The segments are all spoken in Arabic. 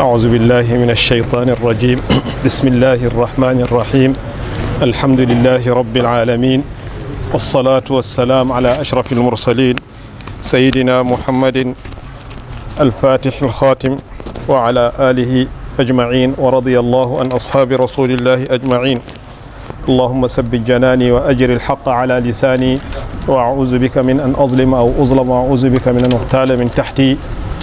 أعوذ بالله من الشيطان الرجيم بسم الله الرحمن الرحيم الحمد لله رب العالمين والصلاة والسلام على أشرف المرسلين سيدنا محمد الفاتح الخاتم وعلى آله أجمعين ورضي الله عن أصحاب رسول الله أجمعين اللهم سب جناني وأجر الحق على لساني وأعوذ بك من أن أظلم أو أظلم وأعوذ بك من أن أغتال من تحتي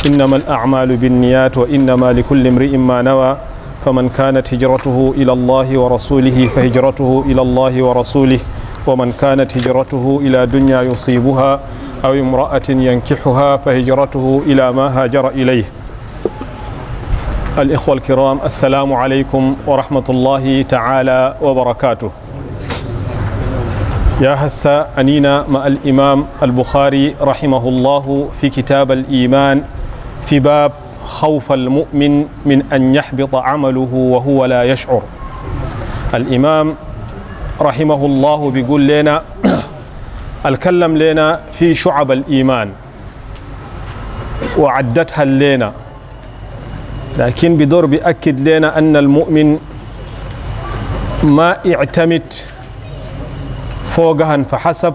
إنما الأعمال بالنيات وإنما لكل امرئ ما نوى فمن كانت هجرته إلى الله ورسوله فهجرته إلى الله ورسوله ومن كانت هجرته إلى دنيا يصيبها أو امرأة ينكحها فهجرته إلى ما هاجر إليه الإخوة الكرام السلام عليكم ورحمة الله تعالى وبركاته يا هسا أنينا مع الإمام البخاري رحمه الله في كتاب الإيمان في باب خوف المؤمن من أن يحبط عمله وهو لا يشعر الإمام رحمه الله بيقول لنا الكلم لنا في شعب الإيمان وعدتها لنا لكن بدور بأكد لنا أن المؤمن ما اعتمد فوقها فحسب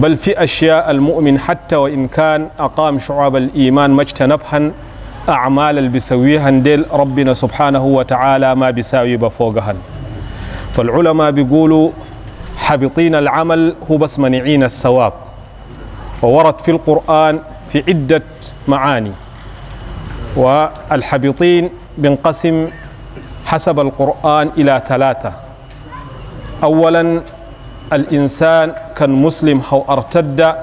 بل في أشياء المؤمن حتى وإن كان أقام شعاب الإيمان ما أعمال اللي ديل ربنا سبحانه وتعالى ما بيساوي بفوقهن فالعلماء بيقولوا حبطين العمل هو بس منعين الثواب وورد في القرآن في عدة معاني والحبطين بنقسم حسب القرآن إلى ثلاثة أولا الإنسان كان مسلم أو ارتد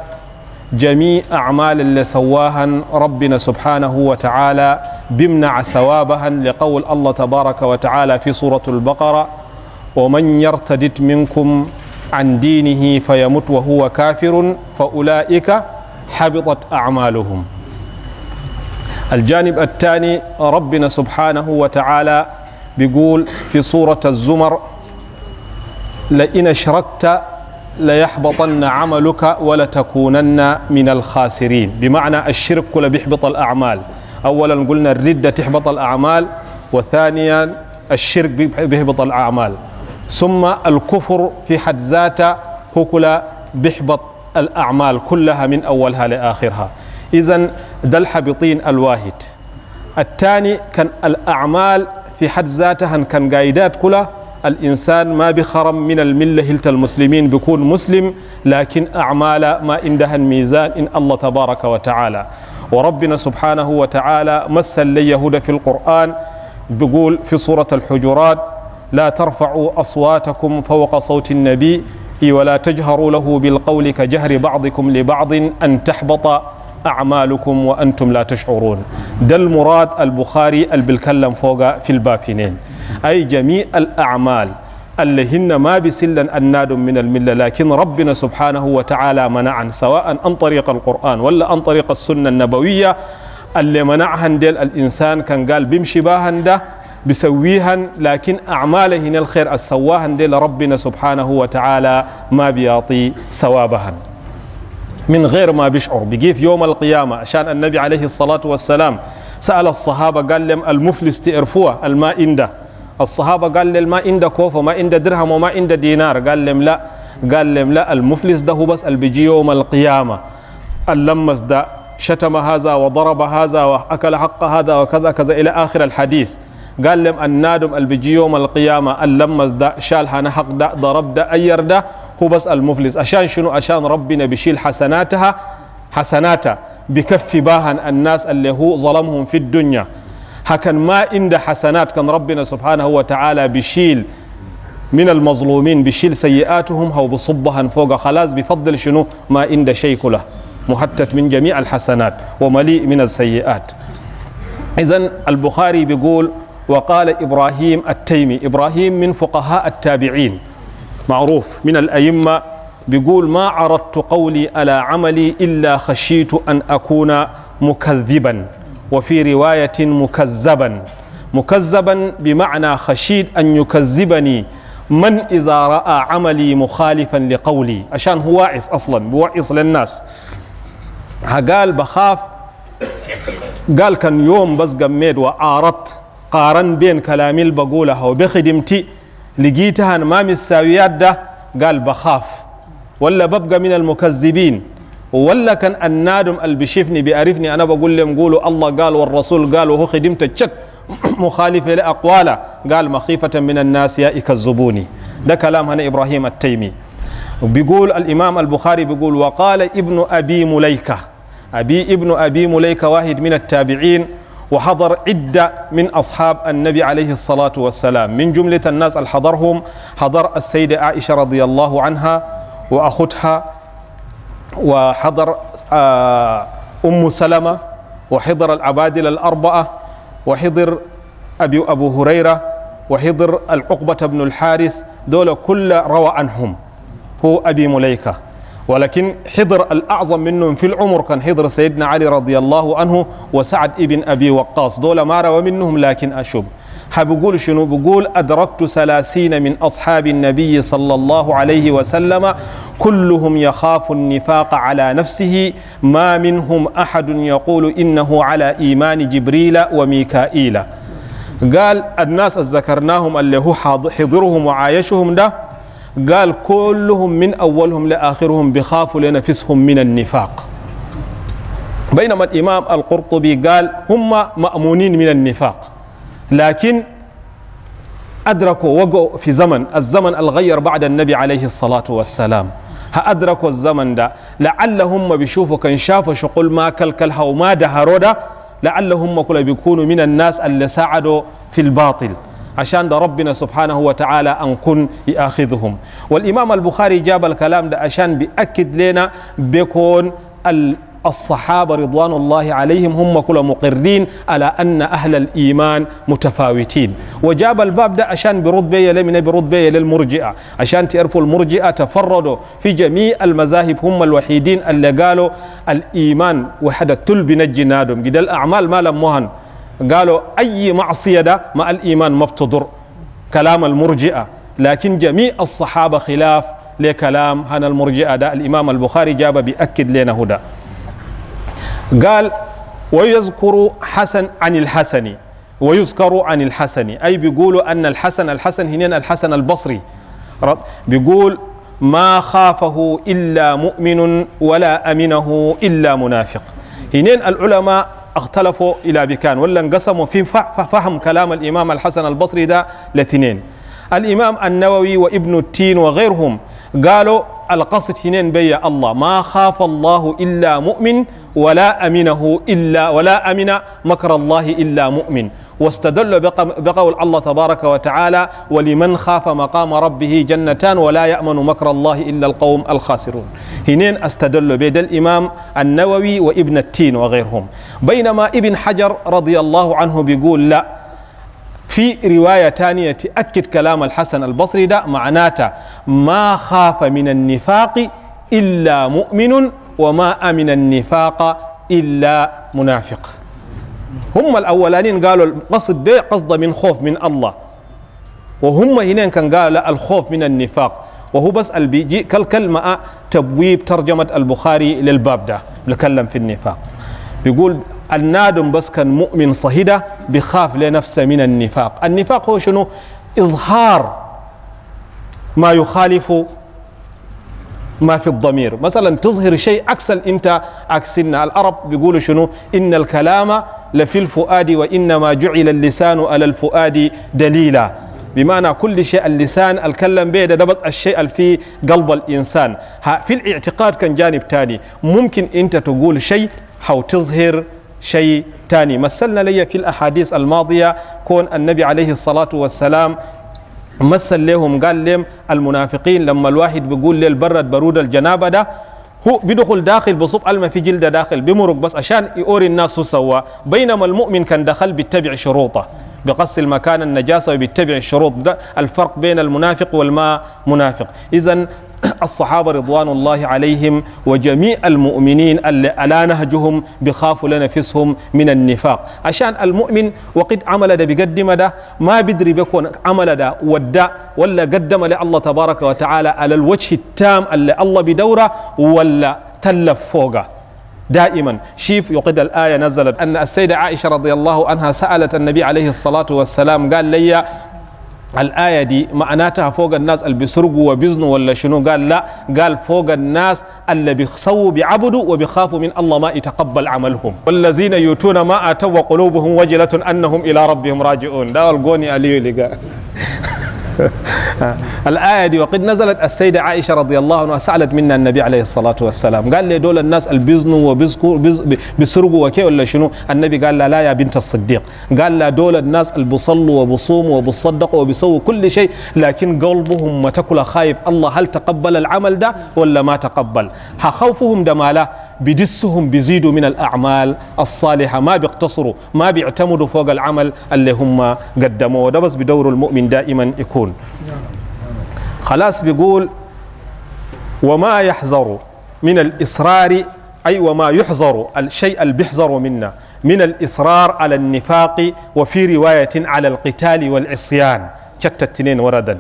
جميع أعمال اللي سواها ربنا سبحانه وتعالى بمنع ثوابها لقول الله تبارك وتعالى في سورة البقرة ومن يرتد منكم عن دينه فيمت وهو كافر فأولئك حبطت أعمالهم الجانب الثاني ربنا سبحانه وتعالى بيقول في سورة الزمر لئن اشركت ليحبطن عملك ولتكونن من الخاسرين بمعنى الشرك كله بيحبط الأعمال أولا قلنا الردة تحبط الأعمال وثانيا الشرك بيحبط الأعمال ثم الكفر في حد ذاته هو كل بيحبط الأعمال كلها من أولها لآخرها إذا ده الحبطين الواحد الثاني كان الأعمال في حد ذاتها كان قايدات كلها الإنسان ما بخرم من الملة هلت المسلمين بيكون مسلم لكن أعماله ما عندها الميزان إن الله تبارك وتعالى وربنا سبحانه وتعالى مثل اليهود في القرآن بيقول في سورة الحجرات لا ترفعوا أصواتكم فوق صوت النبي ولا تجهروا له بالقول كجهر بعضكم لبعض أن تحبط أعمالكم وأنتم لا تشعرون ده المراد البخاري اللي بيتكلم فوق في البابينين أي جميع الأعمال اللي هن ما بسلا أناد من الملة لكن ربنا سبحانه وتعالى منعا سواء عن طريق القرآن ولا عن طريق السنة النبوية اللي منعها ديل الإنسان كان قال بيمشي باهن ده بسويها لكن أعماله هنا الخير السواها ديل ربنا سبحانه وتعالى ما بيعطي ثوابها من غير ما بيشعر في يوم القيامة عشان النبي عليه الصلاة والسلام سأل الصحابة قال لهم المفلس تعرفوه الماء إنده الصحابة قال لهم ما عند كوفة ما عند درهم وما عند دينار قال لهم لا قال لهم لا المفلس ده هو بس اللي بيجي يوم القيامة اللمس ده شتم هذا وضرب هذا وأكل حق هذا وكذا كذا إلى آخر الحديث قال لهم النادم اللي بيجي يوم القيامة اللمس ده شال هنا حق ده ضرب ده أير ده هو بس المفلس عشان شنو عشان ربنا بيشيل حسناتها حسناتها بكف باها الناس اللي هو ظلمهم في الدنيا هكن ما عند حسنات كان ربنا سبحانه وتعالى بشيل من المظلومين بشيل سيئاتهم أو بصبها فوق خلاص بفضل شنو ما عند شيء كله محتت من جميع الحسنات ومليء من السيئات إذا البخاري بيقول وقال إبراهيم التيمي إبراهيم من فقهاء التابعين معروف من الأئمة بيقول ما عرضت قولي على عملي إلا خشيت أن أكون مكذبا وفي رواية مكذبا مكذبا بمعنى خشيد أن يكذبني من إذا رأى عملي مخالفا لقولي عشان هو واعظ أصلا بوعظ للناس قال بخاف قال كان يوم بس قميد وعارضت قارن بين كلامي اللي بقولها وبخدمتي لقيتها ما مساويات ده قال بخاف ولا ببقى من المكذبين ولا كان النادم اللي بيعرفني انا بقول لهم قولوا الله قال والرسول قال وهو خدمت الشك مخالفه لاقواله قال مخيفه من الناس يا يكذبوني ده كلام هنا ابراهيم التيمي بيقول الامام البخاري بيقول وقال ابن ابي مليكه ابي ابن ابي مليكه واحد من التابعين وحضر عدة من أصحاب النبي عليه الصلاة والسلام من جملة الناس اللي حضرهم حضر السيدة عائشة رضي الله عنها واختها وحضر آه، أم سلمة وحضر العبادلة الأربعة وحضر أبي أبو هريرة وحضر العقبة بن الحارث دول كل روى عنهم هو أبي مليكة ولكن حضر الأعظم منهم في العمر كان حضر سيدنا علي رضي الله عنه وسعد ابن أبي وقاص دول ما روى منهم لكن أشب بقول شنو بقول أدركت ثلاثين من أصحاب النبي صلى الله عليه وسلم كلهم يخاف النفاق على نفسه ما منهم أحد يقول إنه على إيمان جبريل وميكائيل قال الناس ذكرناهم اللي هو حضرهم وعايشهم ده قال كلهم من أولهم لآخرهم بخافوا لنفسهم من النفاق بينما الإمام القرطبي قال هم مأمونين من النفاق لكن أدركوا وقعوا في زمن الزمن الغير بعد النبي عليه الصلاة والسلام أدركوا الزمن ده لعلهم بيشوفوا كان شافوا شقول ما كلها وما دهروا ده لعلهم كل بيكونوا من الناس اللي ساعدوا في الباطل عشان ده ربنا سبحانه وتعالى أن كن يأخذهم والإمام البخاري جاب الكلام ده عشان بيأكد لنا بيكون الصحابة رضوان الله عليهم هم كل مقرين على أن أهل الإيمان متفاوتين وجاب الباب ده عشان لمن برد برتبة للمرجئة عشان تعرفوا المرجئة تفردوا في جميع المذاهب هم الوحيدين اللي قالوا الإيمان وحدة تلبنا نادم قد الأعمال ما مهن قالوا أي معصية ده مع الإيمان ما بتضر كلام المرجئة لكن جميع الصحابة خلاف لكلام هنا المرجئة ده الإمام البخاري جاب بيأكد لنا هدى قال ويذكر حسن عن الحسن ويذكر عن الحسن أي بيقولوا أن الحسن الحسن هنا الحسن البصري بيقول ما خافه إلا مؤمن ولا أمنه إلا منافق هنا العلماء اختلفوا إلى بكان ولا انقسموا في فهم كلام الإمام الحسن البصري ده لاثنين الإمام النووي وابن التين وغيرهم قالوا القصد هنا بي الله ما خاف الله إلا مؤمن ولا أمنه إلا ولا أمن مكر الله إلا مؤمن واستدل بقول الله تبارك وتعالى ولمن خاف مقام ربه جنتان ولا يأمن مكر الله إلا القوم الخاسرون هنين استدل بيد الإمام النووي وابن التين وغيرهم بينما ابن حجر رضي الله عنه بيقول لا في رواية تانية تأكد كلام الحسن البصري ده معناته ما خاف من النفاق إلا مؤمن وما أمن النفاق إلا منافق هم الأولانين قالوا القصد به قصد من خوف من الله وهم هنا كان قال الخوف من النفاق وهو بس البيجي كالكلمة تبويب ترجمة البخاري للباب ده بنتكلم في النفاق بيقول النادم بس كان مؤمن صهيدة بخاف لنفسه من النفاق النفاق هو شنو إظهار ما يخالف ما في الضمير مثلا تظهر شيء عكس انت عكسنا العرب بيقولوا شنو ان الكلام لفي الفؤاد وانما جعل اللسان على الفؤاد دليلا بمعنى كل شيء اللسان الكلم به ده الشيء اللي في قلب الانسان ها في الاعتقاد كان جانب ثاني ممكن انت تقول شيء او تظهر شيء ثاني مثلنا لي في الاحاديث الماضيه كون النبي عليه الصلاه والسلام مثل لهم قال لهم المنافقين لما الواحد بيقول للبرد البرد برود الجنابه ده هو بيدخل داخل بصب الماء في جلده داخل بمرق بس عشان يوري الناس هو سوا بينما المؤمن كان دخل بيتبع شروطه بقص المكان النجاسه وبيتبع الشروط ده الفرق بين المنافق والما منافق اذا الصحابة رضوان الله عليهم وجميع المؤمنين ألا نهجهم بخافوا لنفسهم من النفاق عشان المؤمن وقد عمل ده بقدم ده ما بدري بيكون عمل ده ودا ولا قدم لله تبارك وتعالى على الوجه التام اللي الله بدوره ولا تلف فوقه دائما شيف يقد الآية نزلت أن السيدة عائشة رضي الله عنها سألت النبي عليه الصلاة والسلام قال لي الآية دي معناتها فوق الناس اللي بيسرقوا وبيزنوا ولا شنو قال لا قال فوق الناس اللي بيخسوا بعبدوا وبيخافوا من الله ما يتقبل عملهم والذين يؤتون ما آتوا وقلوبهم وجلة أنهم إلى ربهم راجعون ده القوني علي اللي قال الآية دي وقد نزلت السيدة عائشة رضي الله عنها سألت منا النبي عليه الصلاة والسلام قال لي دول الناس البيزنوا وبيسرقوا بسرقوا وكي ولا شنو النبي قال لا لا يا بنت الصديق قال لا دول الناس البصلوا وبصوموا وبصدقوا وبيسووا كل شيء لكن قلبهم ما تكل خايف الله هل تقبل العمل ده ولا ما تقبل خوفهم ده ما لا بدسهم بيزيدوا من الأعمال الصالحة ما بيقتصروا ما بيعتمدوا فوق العمل اللي هم قدموه ده بس بدور المؤمن دائما يكون خلاص بيقول وما يحذر من الإصرار أي وما يحذر الشيء اللي بيحذر منا من الإصرار على النفاق وفي رواية على القتال والعصيان شتى التنين وردا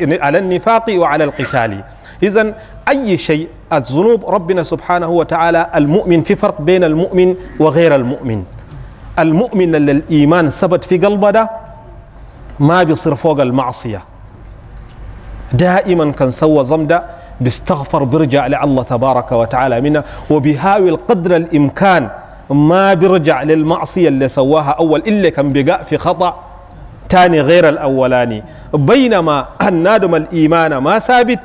على النفاق وعلى القتال إذا أي شيء الذنوب ربنا سبحانه وتعالى المؤمن في فرق بين المؤمن وغير المؤمن المؤمن اللي الإيمان ثبت في قلبه ده ما بيصير فوق المعصية دائما كان سوى زمدة بيستغفر بيرجع لله تبارك وتعالى منه وبيحاول قدر الإمكان ما بيرجع للمعصية اللي سواها أول إلا كان بقى في خطأ تاني غير الأولاني بينما النادم الإيمان ما ثابت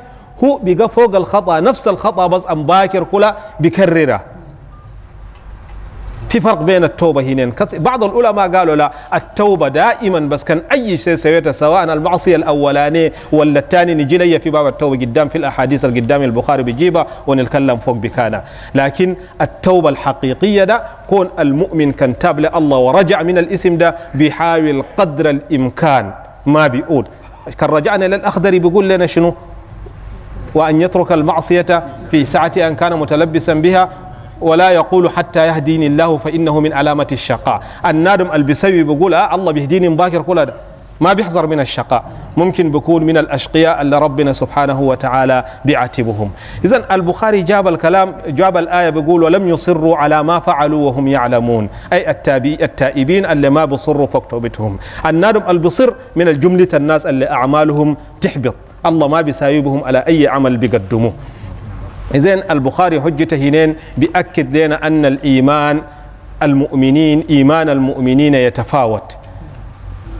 هو بيقى فوق الخطأ نفس الخطأ بس أم باكر كلا بكرره في فرق بين التوبة هنا بعض العلماء قالوا لا التوبة دائما بس كان أي شيء سويته سواء المعصية الأولانية ولا الثاني نجي لي في باب التوبة قدام في الأحاديث القدام البخاري بيجيبها ونتكلم فوق بكانا لكن التوبة الحقيقية ده كون المؤمن كان تاب لله ورجع من الاسم ده بيحاول قدر الإمكان ما بيقول كان رجعنا للأخضر بيقول لنا شنو وأن يترك المعصية في سعة أن كان متلبسا بها ولا يقول حتى يهديني الله فإنه من علامة الشقاء النادم البسوي بيقول آه الله بيهديني مباكر كل هذا ما بيحذر من الشقاء ممكن بيكون من الأشقياء اللي ربنا سبحانه وتعالى بيعاتبهم إذا البخاري جاب الكلام جاب الآية بيقول ولم يصروا على ما فعلوا وهم يعلمون أي التائبين اللي ما بصروا فاكتبتهم النادم اللي بصر من الجملة الناس اللي أعمالهم تحبط الله ما بيسايبهم على أي عمل بيقدموه إذن البخاري حجته هنين بأكد لنا أن الإيمان المؤمنين إيمان المؤمنين يتفاوت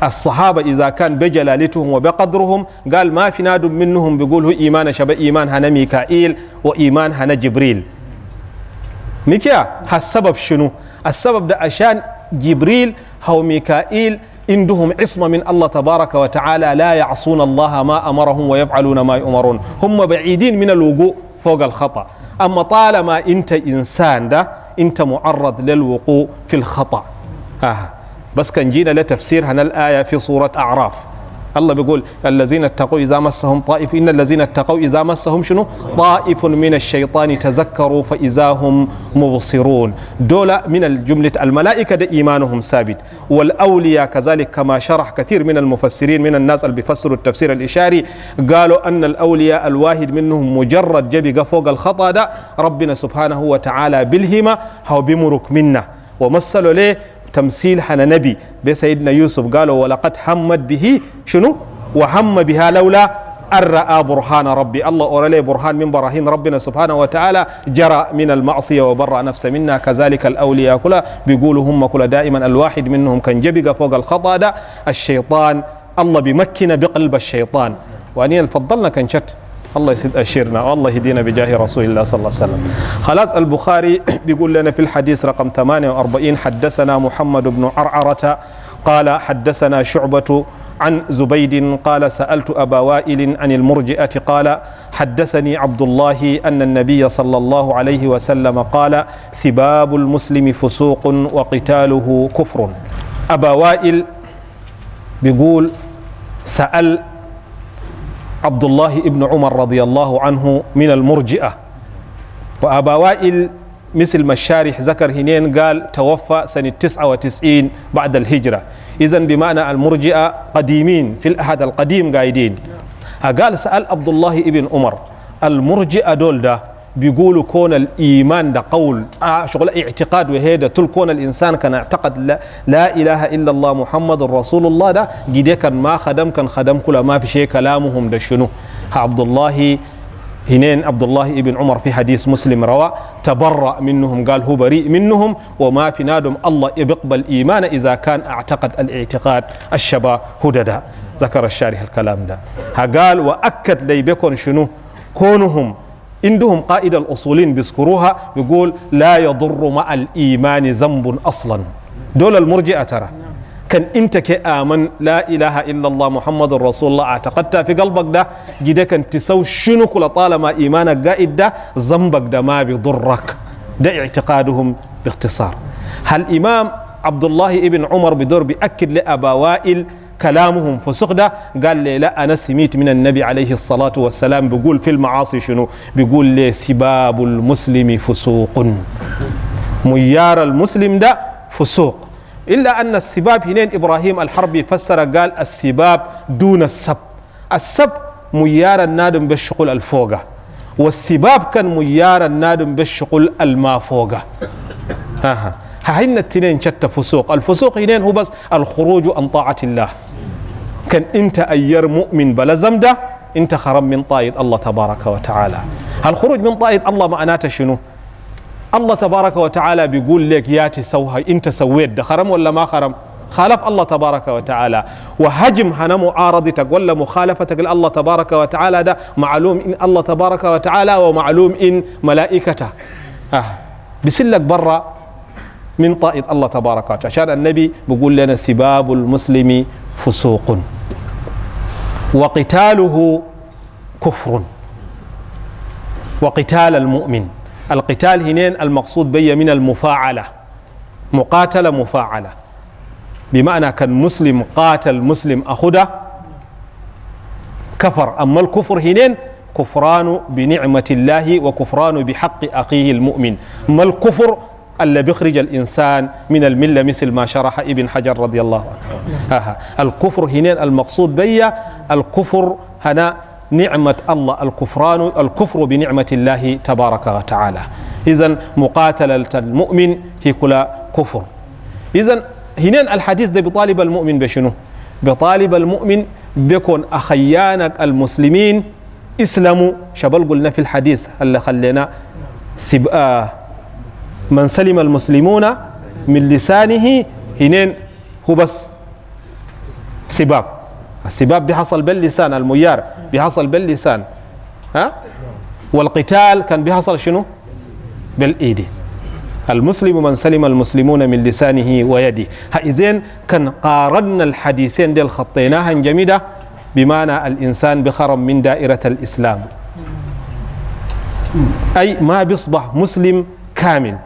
الصحابة إذا كان بجلالتهم وبقدرهم قال ما في ناد منهم بيقول هو إيمان شبه إيمان هنا ميكائيل وإيمان هنا جبريل ميكيا هالسبب شنو السبب ده عشان جبريل هو ميكائيل عندهم عصمة من الله تبارك وتعالى لا يعصون الله ما أمرهم ويفعلون ما يؤمرون هم بعيدين من الوقوع فوق الخطأ أما طالما أنت إنسان ده أنت معرض للوقوع في الخطأ آه. بس كان جينا لتفسير هنا الآية في سورة أعراف الله بيقول الذين اتقوا إذا مسهم طائف إن الذين اتقوا إذا مسهم شنو طائف من الشيطان تذكروا فإذا هم مبصرون دول من الجملة الملائكة ده إيمانهم ثابت والأولياء كذلك كما شرح كثير من المفسرين من الناس اللي بيفسروا التفسير الإشاري قالوا أن الأولياء الواحد منهم مجرد جبق فوق الخطأ ده ربنا سبحانه وتعالى بالهمة هو بمرك منا ومثلوا ليه تمثيل نبي بسيدنا يوسف قالوا ولقد حمد به شنو وهم بها لولا أن رأى برهان ربي الله أورالي برهان من براهين ربنا سبحانه وتعالى جرى من المعصية وبرأ نفسه منا كذلك الأولياء كلا بيقولوا هم كلا دائما الواحد منهم كان جبق فوق الخطأ ده الشيطان الله بمكن بقلب الشيطان وأني الفضلنا كان شت الله يسد أشيرنا والله يهدينا بجاه رسول الله صلى الله عليه وسلم خلاص البخاري بيقول لنا في الحديث رقم 48 حدثنا محمد بن عرعرة قال حدثنا شعبة عن زبيد قال سألت أبا وائل عن المرجئة قال حدثني عبد الله أن النبي صلى الله عليه وسلم قال سباب المسلم فسوق وقتاله كفر أبا وائل بيقول سأل عبد الله ابن عمر رضي الله عنه من المرجئة وأبا وائل مثل ما الشارح ذكر هنين قال توفى سنة 99 بعد الهجرة إذا بمعنى المرجئة قديمين في الأحد القديم قايدين قال سأل عبد الله ابن عمر المرجئة دول ده بيقولوا كون الايمان ده قول آه شغل اعتقاد وهذا تل كون الانسان كان اعتقد لا, لا اله الا الله محمد رسول الله ده جدي كان ما خدم كان خدم كل ما في شيء كلامهم ده شنو عبد الله هنين عبد الله ابن عمر في حديث مسلم روى تبرأ منهم قال هو بريء منهم وما في نادم الله يقبل إيمان إذا كان اعتقد الاعتقاد الشباب هددا ذكر الشارح الكلام ده قال وأكد لي بكون شنو كونهم عندهم قائد الأصولين بيذكروها بيقول لا يضر مع الايمان ذنب اصلا دول المرجئه ترى كان انت كامن لا اله الا الله محمد رسول الله اعتقدتها في قلبك ده جده كان تسوي شنو كل طالما ايمانك قائد ده ذنبك ده ما بيضرك ده اعتقادهم باختصار هل امام عبد الله ابن عمر بدور بأكد لابا وائل كلامهم فسق ده قال لي لا انا سميت من النبي عليه الصلاه والسلام بيقول في المعاصي شنو بيقول لي سباب المسلم فسوق ميار المسلم ده فسوق الا ان السباب هنا ابراهيم الحربي فسر قال السباب دون السب السب ميار النادم بالشغل الفوقه والسباب كان ميار النادم بالشغل الما فوقه ها ها هن التنين شتى فسوق الفسوق هنا هو بس الخروج عن طاعة الله كان انت اير مؤمن بلا زمدة انت خرم من طائد الله تبارك وتعالى هالخروج من طائد الله معناته شنو الله تبارك وتعالى بيقول لك ياتي سوها انت سويت ده خرم ولا ما خرم خالف الله تبارك وتعالى وهجم هنا معارضتك ولا مخالفتك لله تبارك وتعالى ده معلوم إن الله تبارك وتعالى ومعلوم إن ملائكته آه بسلك برا من طائد الله تبارك وتعالى عشان النبي بيقول لنا سباب المسلم فسوق وقتاله كفر وقتال المؤمن القتال هنا المقصود بي من المفاعلة مقاتلة مفاعلة بمعنى كان مسلم قاتل مسلم أخده كفر أما الكفر هنا كفران بنعمة الله وكفران بحق أخيه المؤمن ما الكفر ألا بيخرج الإنسان من الملة مثل ما شرح ابن حجر رضي الله عنه نعم. آه. الكفر هنا المقصود بي الكفر هنا نعمة الله الكفران الكفر بنعمة الله تبارك وتعالى إذا مقاتلة المؤمن هي كلا كفر إذا هنا الحديث ده بطالب المؤمن بشنو بطالب المؤمن بكون أخيانك المسلمين اسلموا شبل قلنا في الحديث اللي خلينا سبقى آه، من سلم المسلمون من لسانه هنا هو بس سباق السباب بيحصل باللسان الميار بيحصل باللسان ها والقتال كان بيحصل شنو بالايدي المسلم من سلم المسلمون من لسانه ويده حيث كان قارنا الحديثين ديل خطيناها جميدة بمعنى الإنسان بخرم من دائرة الإسلام أي ما بيصبح مسلم كامل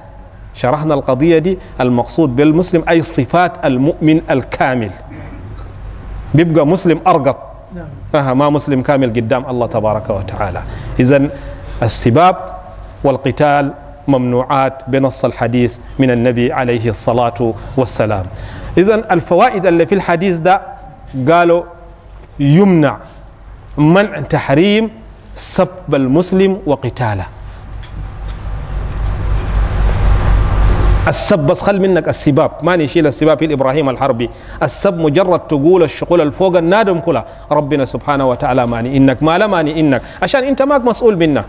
شرحنا القضية دي المقصود بالمسلم أي صفات المؤمن الكامل بيبقى مسلم أرقط نعم. ما مسلم كامل قدام الله تبارك وتعالى إذا السباب والقتال ممنوعات بنص الحديث من النبي عليه الصلاة والسلام إذا الفوائد اللي في الحديث ده قالوا يمنع منع تحريم سب المسلم وقتاله السب بس خل منك السباب ما نشيل السباب في الإبراهيم الحربي السب مجرد تقول الشغل الفوق النادم كلها ربنا سبحانه وتعالى ماني إنك ما لماني إنك عشان أنت ماك مسؤول منه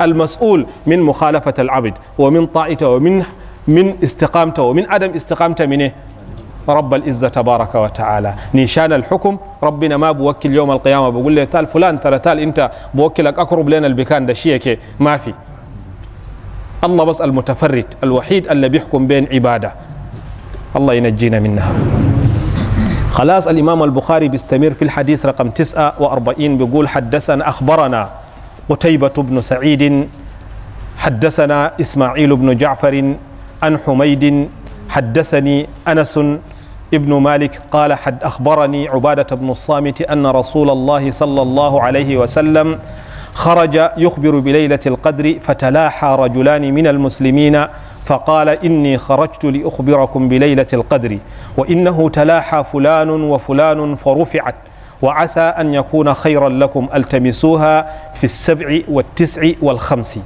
المسؤول من مخالفة العبد ومن طاعته ومن من استقامته ومن عدم استقامته منه إيه؟ رب العزة تبارك وتعالى نيشان الحكم ربنا ما بوكل يوم القيامة بقول له تال فلان ترى تال انت بوكلك اقرب لنا البكان ده شيء ما في الله بس المتفرد الوحيد اللي بيحكم بين عباده الله ينجينا منها خلاص الإمام البخاري بيستمر في الحديث رقم 49 بيقول حدثنا أخبرنا قتيبة بن سعيد حدثنا إسماعيل بن جعفر عن حميد حدثني أنس ابن مالك قال حد أخبرني عبادة بن الصامت أن رسول الله صلى الله عليه وسلم خرج يخبر بليلة القدر فتلاحى رجلان من المسلمين فقال إني خرجت لأخبركم بليلة القدر وإنه تلاحى فلان وفلان فرفعت وعسى أن يكون خيرا لكم التمسوها في السبع والتسع والخمس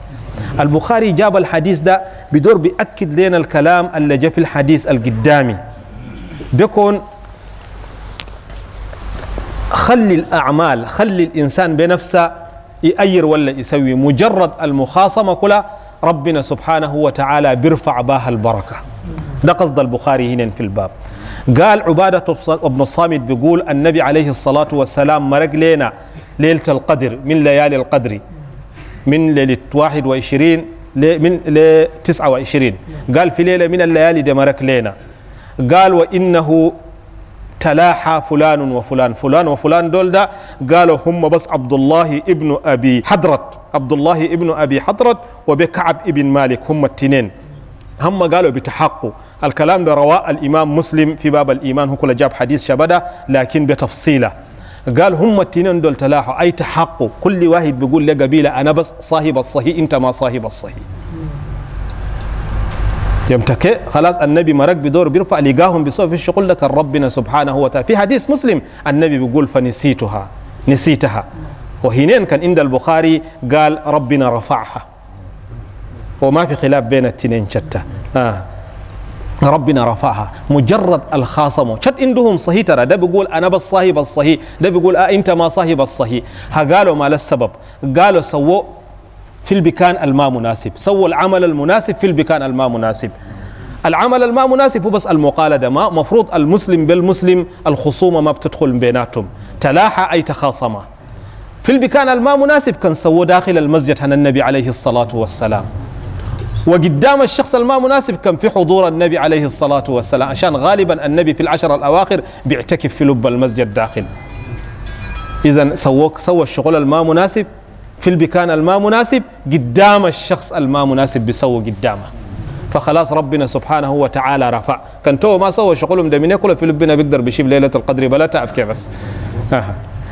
البخاري جاب الحديث ده بدور بأكد لنا الكلام اللي جاء في الحديث القدامي بيكون خلي الأعمال خلي الإنسان بنفسه يأير ولا يسوي مجرد المخاصمة كلها ربنا سبحانه وتعالى بيرفع بها البركة ده قصد البخاري هنا في الباب قال عبادة ابن الصامت بيقول النبي عليه الصلاة والسلام مرق لنا ليلة القدر من ليالي القدر من ليلة 21 من ل 29 قال في ليلة من الليالي دي مرق لنا قال وإنه تلاحى فلان وفلان فلان وفلان دول ده قالوا هم بس عبد الله ابن أبي حضرت عبد الله ابن أبي حضرت وبكعب ابن مالك هم التنين هم قالوا بتحقوا الكلام ده رواه الإمام مسلم في باب الإيمان هو كل جاب حديث شبدا لكن بتفصيله قال هم التنين دول تلاحوا أي تحقوا كل واحد بيقول لقبيلة أنا بس صاحب الصحيح أنت ما صاحب الصحيح يوم خلاص النبي مرق بدور بيرفع لقاهم بصوف الشغل لك ربنا سبحانه وتعالى في حديث مسلم النبي بيقول فنسيتها نسيتها وهنين كان عند البخاري قال ربنا رفعها وما في خلاف بين التنين شتى آه. ربنا رفعها مجرد الخاصم شت عندهم صحيح ترى ده بيقول انا بس صاحب الصحيح ده بيقول آه انت ما صاحب الصحيح قالوا ما للسبب قالوا سووا في البكان الما مناسب سووا العمل المناسب في البكان الما مناسب العمل الما مناسب هو بس المقالدة ما مفروض المسلم بالمسلم الخصومة ما بتدخل بيناتهم تلاحى أي تخاصما في البكان الما مناسب كان سووا داخل المسجد عن النبي عليه الصلاة والسلام وقدام الشخص الما مناسب كان في حضور النبي عليه الصلاة والسلام عشان غالبا النبي في العشر الأواخر بيعتكف في لب المسجد داخل إذا سووا سوى الشغل الما مناسب في المكان الما مناسب قدام الشخص الما مناسب بيسوي قدامه فخلاص ربنا سبحانه وتعالى رفع كان تو ما سوى شغلهم ده من ياكل في لبنا بيقدر بيشيب ليله القدر بلا تعب كيف بس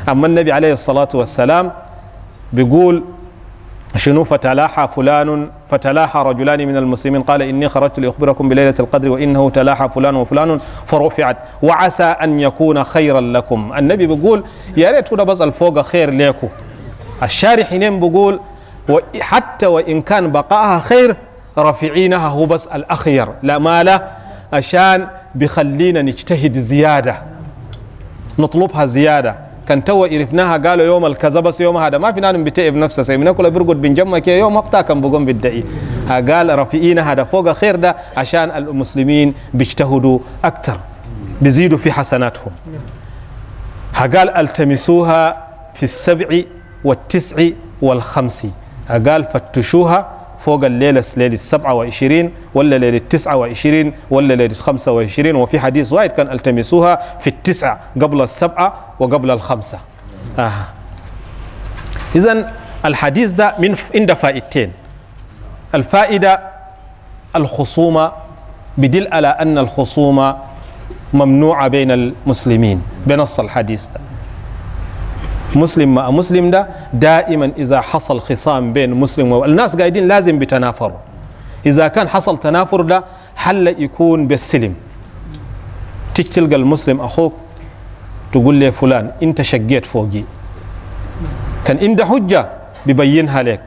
اما النبي عليه الصلاه والسلام بيقول شنو فتلاحى فلان فتلاحى رجلان من المسلمين قال إني خرجت لأخبركم بليلة القدر وإنه تلاحى فلان وفلان فرفعت وعسى أن يكون خيرا لكم النبي بيقول يا ريت بس الفوق خير لكم الشارح حينين بقول حتى وإن كان بقائها خير رافعينها هو بس الأخير لا مالا عشان بخلينا نجتهد زيادة نطلبها زيادة كان تو عرفناها قالوا يوم الكذا بس يوم هذا ما فينا بتعب نفسه سي اكل برقد بنجمع كي يوم وقتها كان بقوم بالدعي قال رافعينها هذا فوق خير ده عشان المسلمين بيجتهدوا أكثر بيزيدوا في حسناتهم قال التمسوها في السبع والتسع والخمس قال فتشوها فوق الليلة ليلة 27 ولا ليلة 29 ولا ليلة 25 وفي حديث واحد كان التمسوها في التسعة قبل السبعة وقبل الخمسة آه. إذا الحديث ده من عند فائدتين الفائدة الخصومة بدل على أن الخصومة ممنوعة بين المسلمين بنص الحديث ده مسلم مع مسلم ده دائما إذا حصل خصام بين مسلم والناس قاعدين لازم بتنافر إذا كان حصل تنافر ده حل يكون بالسلم تلقى المسلم أخوك تقول له فلان أنت شقيت فوقي كان عند حجة ببينها لك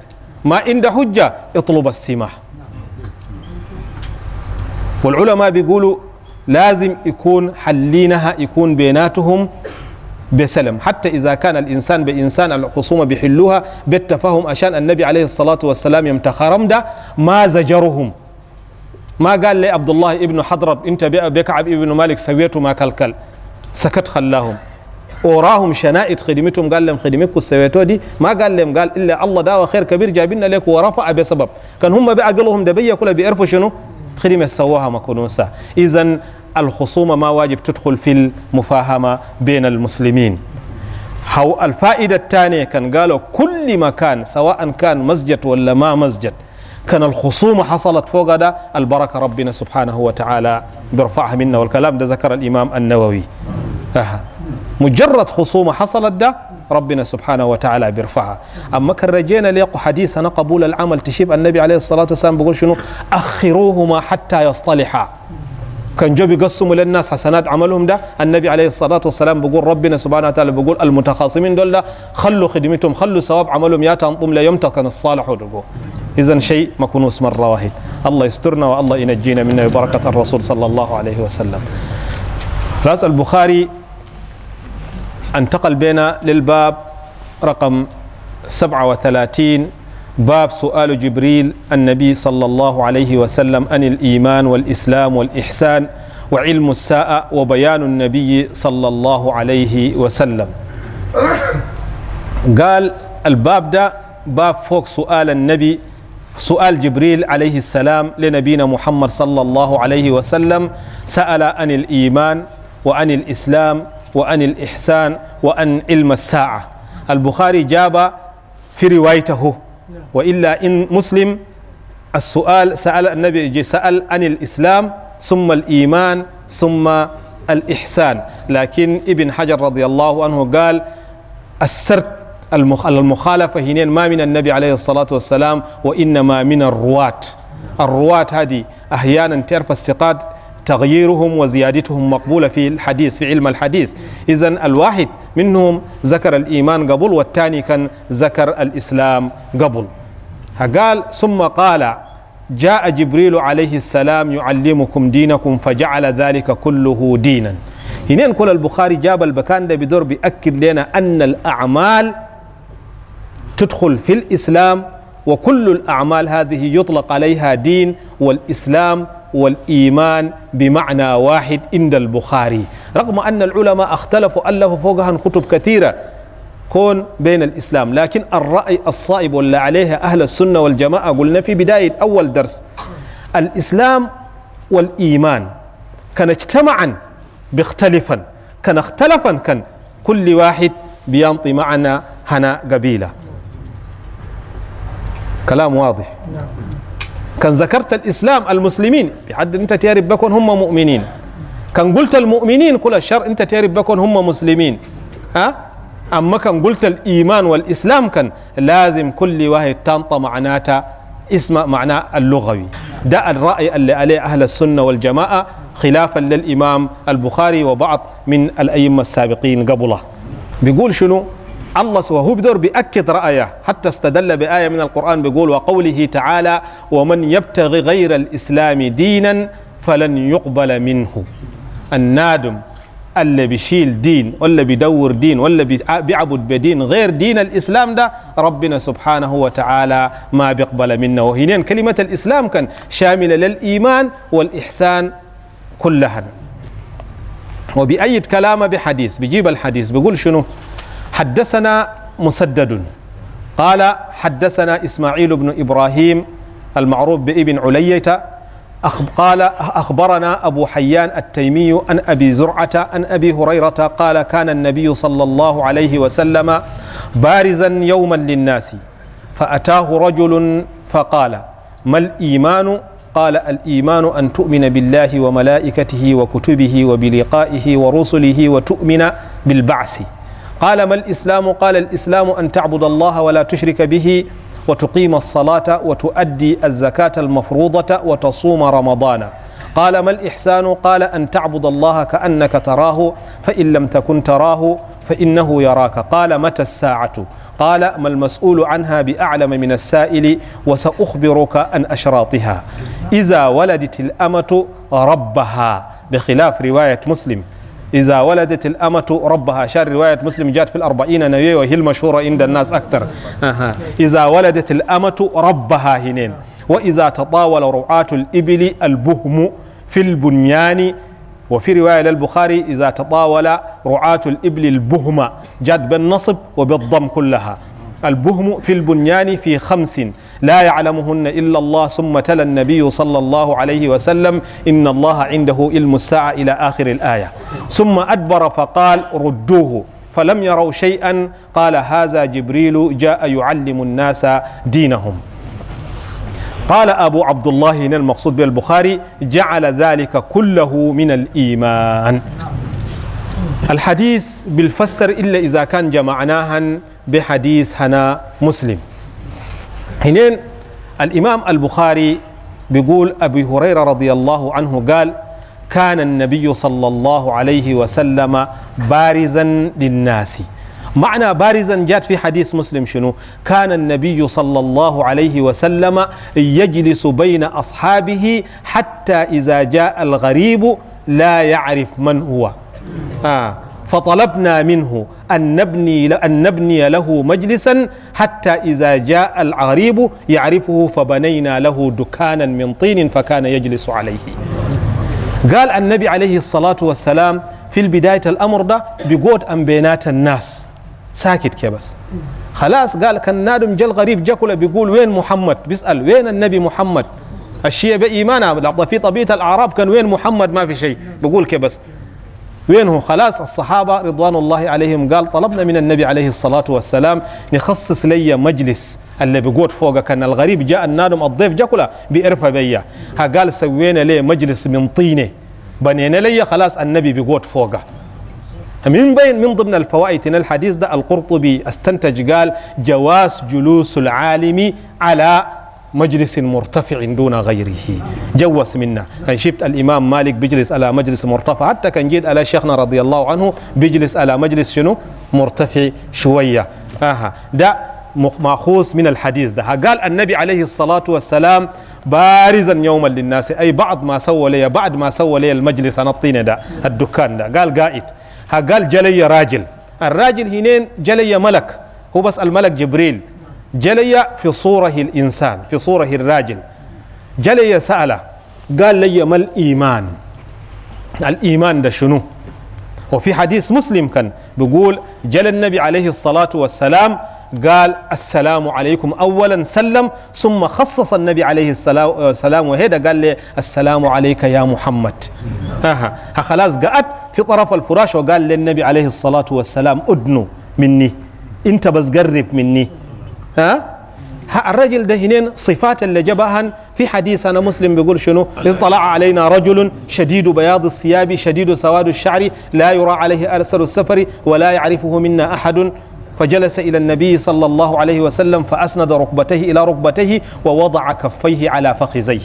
ما عند حجة اطلب السماح والعلماء بيقولوا لازم يكون حلينها يكون بيناتهم بسلم حتى إذا كان الإنسان بإنسان الخصومة بيحلوها بالتفاهم عشان النبي عليه الصلاة والسلام يمتخرم ده ما زجرهم ما قال لي عبد الله ابن حضرب أنت بكعب ابن مالك سويته ما كلكل سكت خلاهم وراهم شنائد خدمتهم قال لهم خدمتكم سويته دي ما قال لهم قال الا الله داوى خير كبير جايبنا لك ورفع بسبب كان هم بعقلهم دبي كلها بيعرفوا شنو خدمه سواها مكنوسه اذا الخصومة ما واجب تدخل في المفاهمة بين المسلمين هو الفائدة الثانية كان قالوا كل مكان سواء كان مسجد ولا ما مسجد كان الخصومة حصلت فوق ده البركة ربنا سبحانه وتعالى بيرفعها منا والكلام ده ذكر الإمام النووي أه. مجرد خصومة حصلت ده ربنا سبحانه وتعالى بيرفعها أما كان رجينا ليق حديثنا قبول العمل تشيب النبي عليه الصلاة والسلام بيقول شنو أخروهما حتى يصطلحا كان جو بيقسموا للناس حسنات عملهم ده النبي عليه الصلاة والسلام بيقول ربنا سبحانه وتعالى بيقول المتخاصمين دول ده خلوا خدمتهم خلوا ثواب عملهم يا تنطم لا يمتقن الصالح ودقوا إذا شيء كنوس مرة واحد الله يسترنا والله ينجينا منا ببركة الرسول صلى الله عليه وسلم رأس البخاري انتقل بنا للباب رقم 37 باب سؤال جبريل النبي صلى الله عليه وسلم عن الإيمان والإسلام والإحسان وعلم الساعة وبيان النبي صلى الله عليه وسلم قال الباب ده باب فوق سؤال النبي سؤال جبريل عليه السلام لنبينا محمد صلى الله عليه وسلم سأل عن الإيمان وعن الإسلام وعن الإحسان وعن علم الساعة البخاري جاب في روايته وإلا إن مسلم السؤال سأل النبي سأل عن الإسلام ثم الإيمان ثم الإحسان لكن ابن حجر رضي الله عنه قال السرت المخالفة هنا ما من النبي عليه الصلاة والسلام وإنما من الرواة الرواة هذه أحيانا تعرف الثقات تغييرهم وزيادتهم مقبولة في الحديث في علم الحديث إذا الواحد منهم ذكر الإيمان قبل والثاني كان ذكر الإسلام قبل قال ثم قال جاء جبريل عليه السلام يعلمكم دينكم فجعل ذلك كله دينا هنا كل البخاري جاب البكان ده بدور بأكد لنا أن الأعمال تدخل في الإسلام وكل الأعمال هذه يطلق عليها دين والإسلام والإيمان بمعنى واحد عند البخاري رغم أن العلماء اختلفوا ألفوا فوقها كتب كثيرة كون بين الإسلام لكن الرأي الصائب ولا عليه أهل السنة والجماعة قلنا في بداية أول درس الإسلام والإيمان كان اجتمعا بيختلفا كان اختلفا كان كل واحد بينطي معنا هنا قبيلة كلام واضح نعم. كان ذكرت الإسلام المسلمين بحد أنت تعرف بكون هم مؤمنين كان قلت المؤمنين كل الشر انت تعرف بكون هم مسلمين ها اما كان قلت الايمان والاسلام كان لازم كل واحد تنطى معناته اسم معناه اللغوي ده الراي اللي عليه اهل السنه والجماعه خلافا للامام البخاري وبعض من الائمه السابقين قبله بيقول شنو الله وهو بدور بأكد رأيه حتى استدل بآية من القرآن بيقول وقوله تعالى ومن يبتغي غير الإسلام دينا فلن يقبل منه النادم اللي بيشيل دين ولا بيدور دين ولا آه، بيعبد بدين غير دين الإسلام ده ربنا سبحانه وتعالى ما بيقبل منا وهنا كلمة الإسلام كان شاملة للإيمان والإحسان كلها وبأيد كلامه بحديث بيجيب الحديث بيقول شنو حدثنا مسدد قال حدثنا إسماعيل بن إبراهيم المعروف بابن علية قال أخبرنا أبو حيان التيمي عن أبي زرعة عن أبي هريرة قال كان النبي صلى الله عليه وسلم بارزا يوما للناس فأتاه رجل فقال ما الإيمان قال الإيمان أن تؤمن بالله وملائكته وكتبه وبلقائه ورسله وتؤمن بالبعث قال ما الإسلام قال الإسلام أن تعبد الله ولا تشرك به وتقيم الصلاة وتؤدي الزكاة المفروضة وتصوم رمضان قال ما الإحسان قال أن تعبد الله كأنك تراه فإن لم تكن تراه فإنه يراك قال متى الساعة قال ما المسؤول عنها بأعلم من السائل وسأخبرك عن أشراطها إذا ولدت الأمة ربها بخلاف رواية مسلم إذا ولدت الأمة ربها شار رواية مسلم جاءت في الأربعين نوية وهي المشهورة عند الناس أكثر إذا ولدت الأمة ربها هنين وإذا تطاول رعاة الإبل البهم في البنيان وفي رواية للبخاري إذا تطاول رعاة الإبل البهم جاءت بالنصب وبالضم كلها البهم في البنيان في خمس لا يعلمهن إلا الله ثم تلا النبي صلى الله عليه وسلم إن الله عنده علم الساعة إلى آخر الآية ثم أدبر فقال ردوه فلم يروا شيئا قال هذا جبريل جاء يعلم الناس دينهم قال أبو عبد الله هنا المقصود بالبخاري جعل ذلك كله من الإيمان الحديث بالفسر إلا إذا كان جمعناها بحديث هنا مسلم هنا الإمام البخاري بيقول أبي هريرة رضي الله عنه قال كان النبي صلى الله عليه وسلم بارزا للناس معنى بارزا جاءت في حديث مسلم شنو كان النبي صلى الله عليه وسلم يجلس بين أصحابه حتى إذا جاء الغريب لا يعرف من هو آه فطلبنا منه أن نبني أن نبني له مجلسا حتى إذا جاء العريب يعرفه فبنينا له دكانا من طين فكان يجلس عليه قال النبي عليه الصلاة والسلام في البداية الأمر ده بقوت أن بينات الناس ساكت كي بس خلاص قال كان نادم جل غريب جاكله بيقول وين محمد بيسأل وين النبي محمد الشيء بإيمانها في طبيعة الأعراب كان وين محمد ما في شيء بقول كي بس وينه خلاص الصحابة رضوان الله عليهم قال طلبنا من النبي عليه الصلاة والسلام نخصص لي مجلس اللي بقوت فوق كان الغريب جاء النادم الضيف جاكولا بإرفة بيا قال سوينا لي مجلس من طينة بنينا لي خلاص النبي بقوت فوقه من بين من ضمن الفوائد الحديث ده القرطبي استنتج قال جواز جلوس العالم على مجلس مرتفع دون غيره جوس منا كان يعني شفت الإمام مالك بيجلس على مجلس مرتفع حتى كان جيت على شيخنا رضي الله عنه بيجلس على مجلس شنو مرتفع شوية آها ده ماخوذ من الحديث ده قال النبي عليه الصلاة والسلام بارزا يوما للناس أي بعد ما سوى لي بعد ما سوى لي المجلس أنا الطين ده الدكان ده قال قائد قال جلي راجل الراجل هنين جلي ملك هو بس الملك جبريل جلي في صوره الإنسان في صوره الراجل جلي سأله قال لي ما الإيمان الإيمان ده شنو وفي حديث مسلم كان بيقول جل النبي عليه الصلاة والسلام قال السلام عليكم أولا سلم ثم خصص النبي عليه السلام وهذا قال لي السلام عليك يا محمد ها ها خلاص قعد في طرف الفراش وقال للنبي عليه الصلاة والسلام أدنو مني انت بس قرب مني ها الرجل ده هنا صفات اللي جابها في حديث انا مسلم بيقول شنو اطلع علينا رجل شديد بياض الثياب شديد سواد الشعر لا يرى عليه اثر السفر ولا يعرفه منا احد فجلس إلى النبي صلى الله عليه وسلم فأسند ركبتيه إلى ركبتيه ووضع كفيه على فخذيه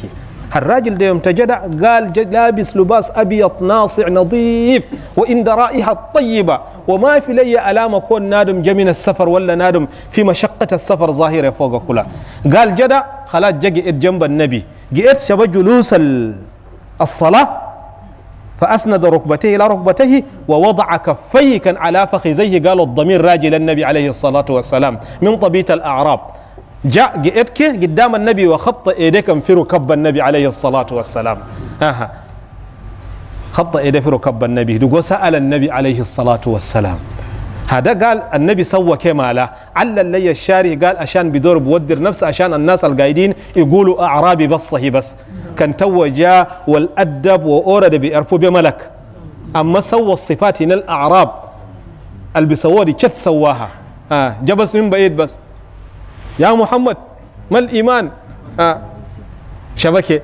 الراجل ده يوم تجدع قال لابس لباس أبيض ناصع نظيف وإن رائحة طيبة وما في لي علامة كون نادم جمين السفر ولا نادم في مشقة السفر ظاهرة فوق كلها قال جدا خلاص جا جنب النبي جئت شب جلوس الصلاة فأسند ركبتيه إلى ركبتيه ووضع كفيه كان على فخذيه قال الضمير راجي للنبي عليه الصلاة والسلام من طبيعة الأعراب جاء جئتك قدام النبي وخط إيديك في ركب النبي عليه الصلاة والسلام ها خط يدفر كب النبي دوغو سأل النبي عليه الصلاة والسلام هذا قال النبي سوى كما لا على اللي الشاري قال عشان بدور بودر نفس عشان الناس القايدين يقولوا أعرابي بصه بس كان توجا والأدب وأورد بيعرفوا بملك أما سوى الصفات هنا الأعراب اللي بيسووها دي كت سواها آه جبس من بعيد بس يا محمد ما الإيمان آه شبكة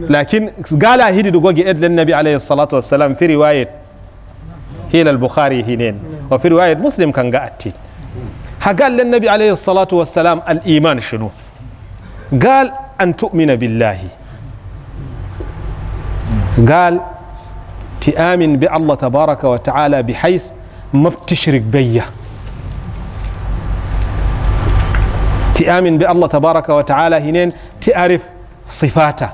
نعم. لكن قال هيدي دوغوغي اد للنبي عليه الصلاه والسلام في روايه هيل البخاري هينين نعم. وفي روايه مسلم كان قاتل قال للنبي عليه الصلاه والسلام الايمان شنو قال ان تؤمن بالله قال تآمن بالله تبارك وتعالى بحيث ما بتشرك بيا تآمن بالله تبارك وتعالى هنين تعرف صفاته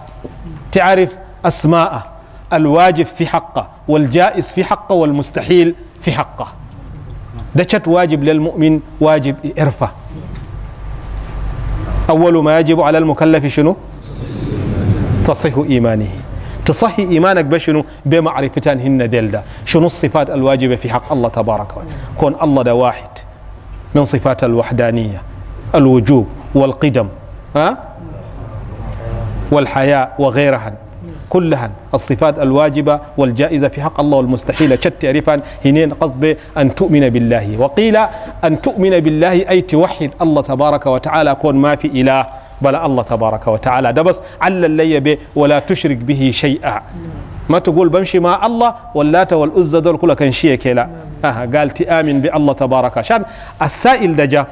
تعرف أسماءه الواجب في حقه والجائز في حقه والمستحيل في حقه ده واجب للمؤمن واجب إرفة أول ما يجب على المكلف شنو تصح إيمانه تصح إيمانك بشنو بمعرفتان هن ديل شنو الصفات الواجبة في حق الله تبارك وتعالى كون الله ده واحد من صفات الوحدانية الوجوب والقدم ها والحياء وغيرها كلها الصفات الواجبة والجائزة في حق الله والمستحيلة شت عرفان هنين قصد أن تؤمن بالله وقيل أن تؤمن بالله أي توحد الله تبارك وتعالى كون ما في إله بلا الله تبارك وتعالى دبس على اللي به ولا تشرك به شيئا ما تقول بمشي مع الله ولا والعزى دول كلها كان شيئا كلا قال تآمن بالله تبارك شان السائل دجا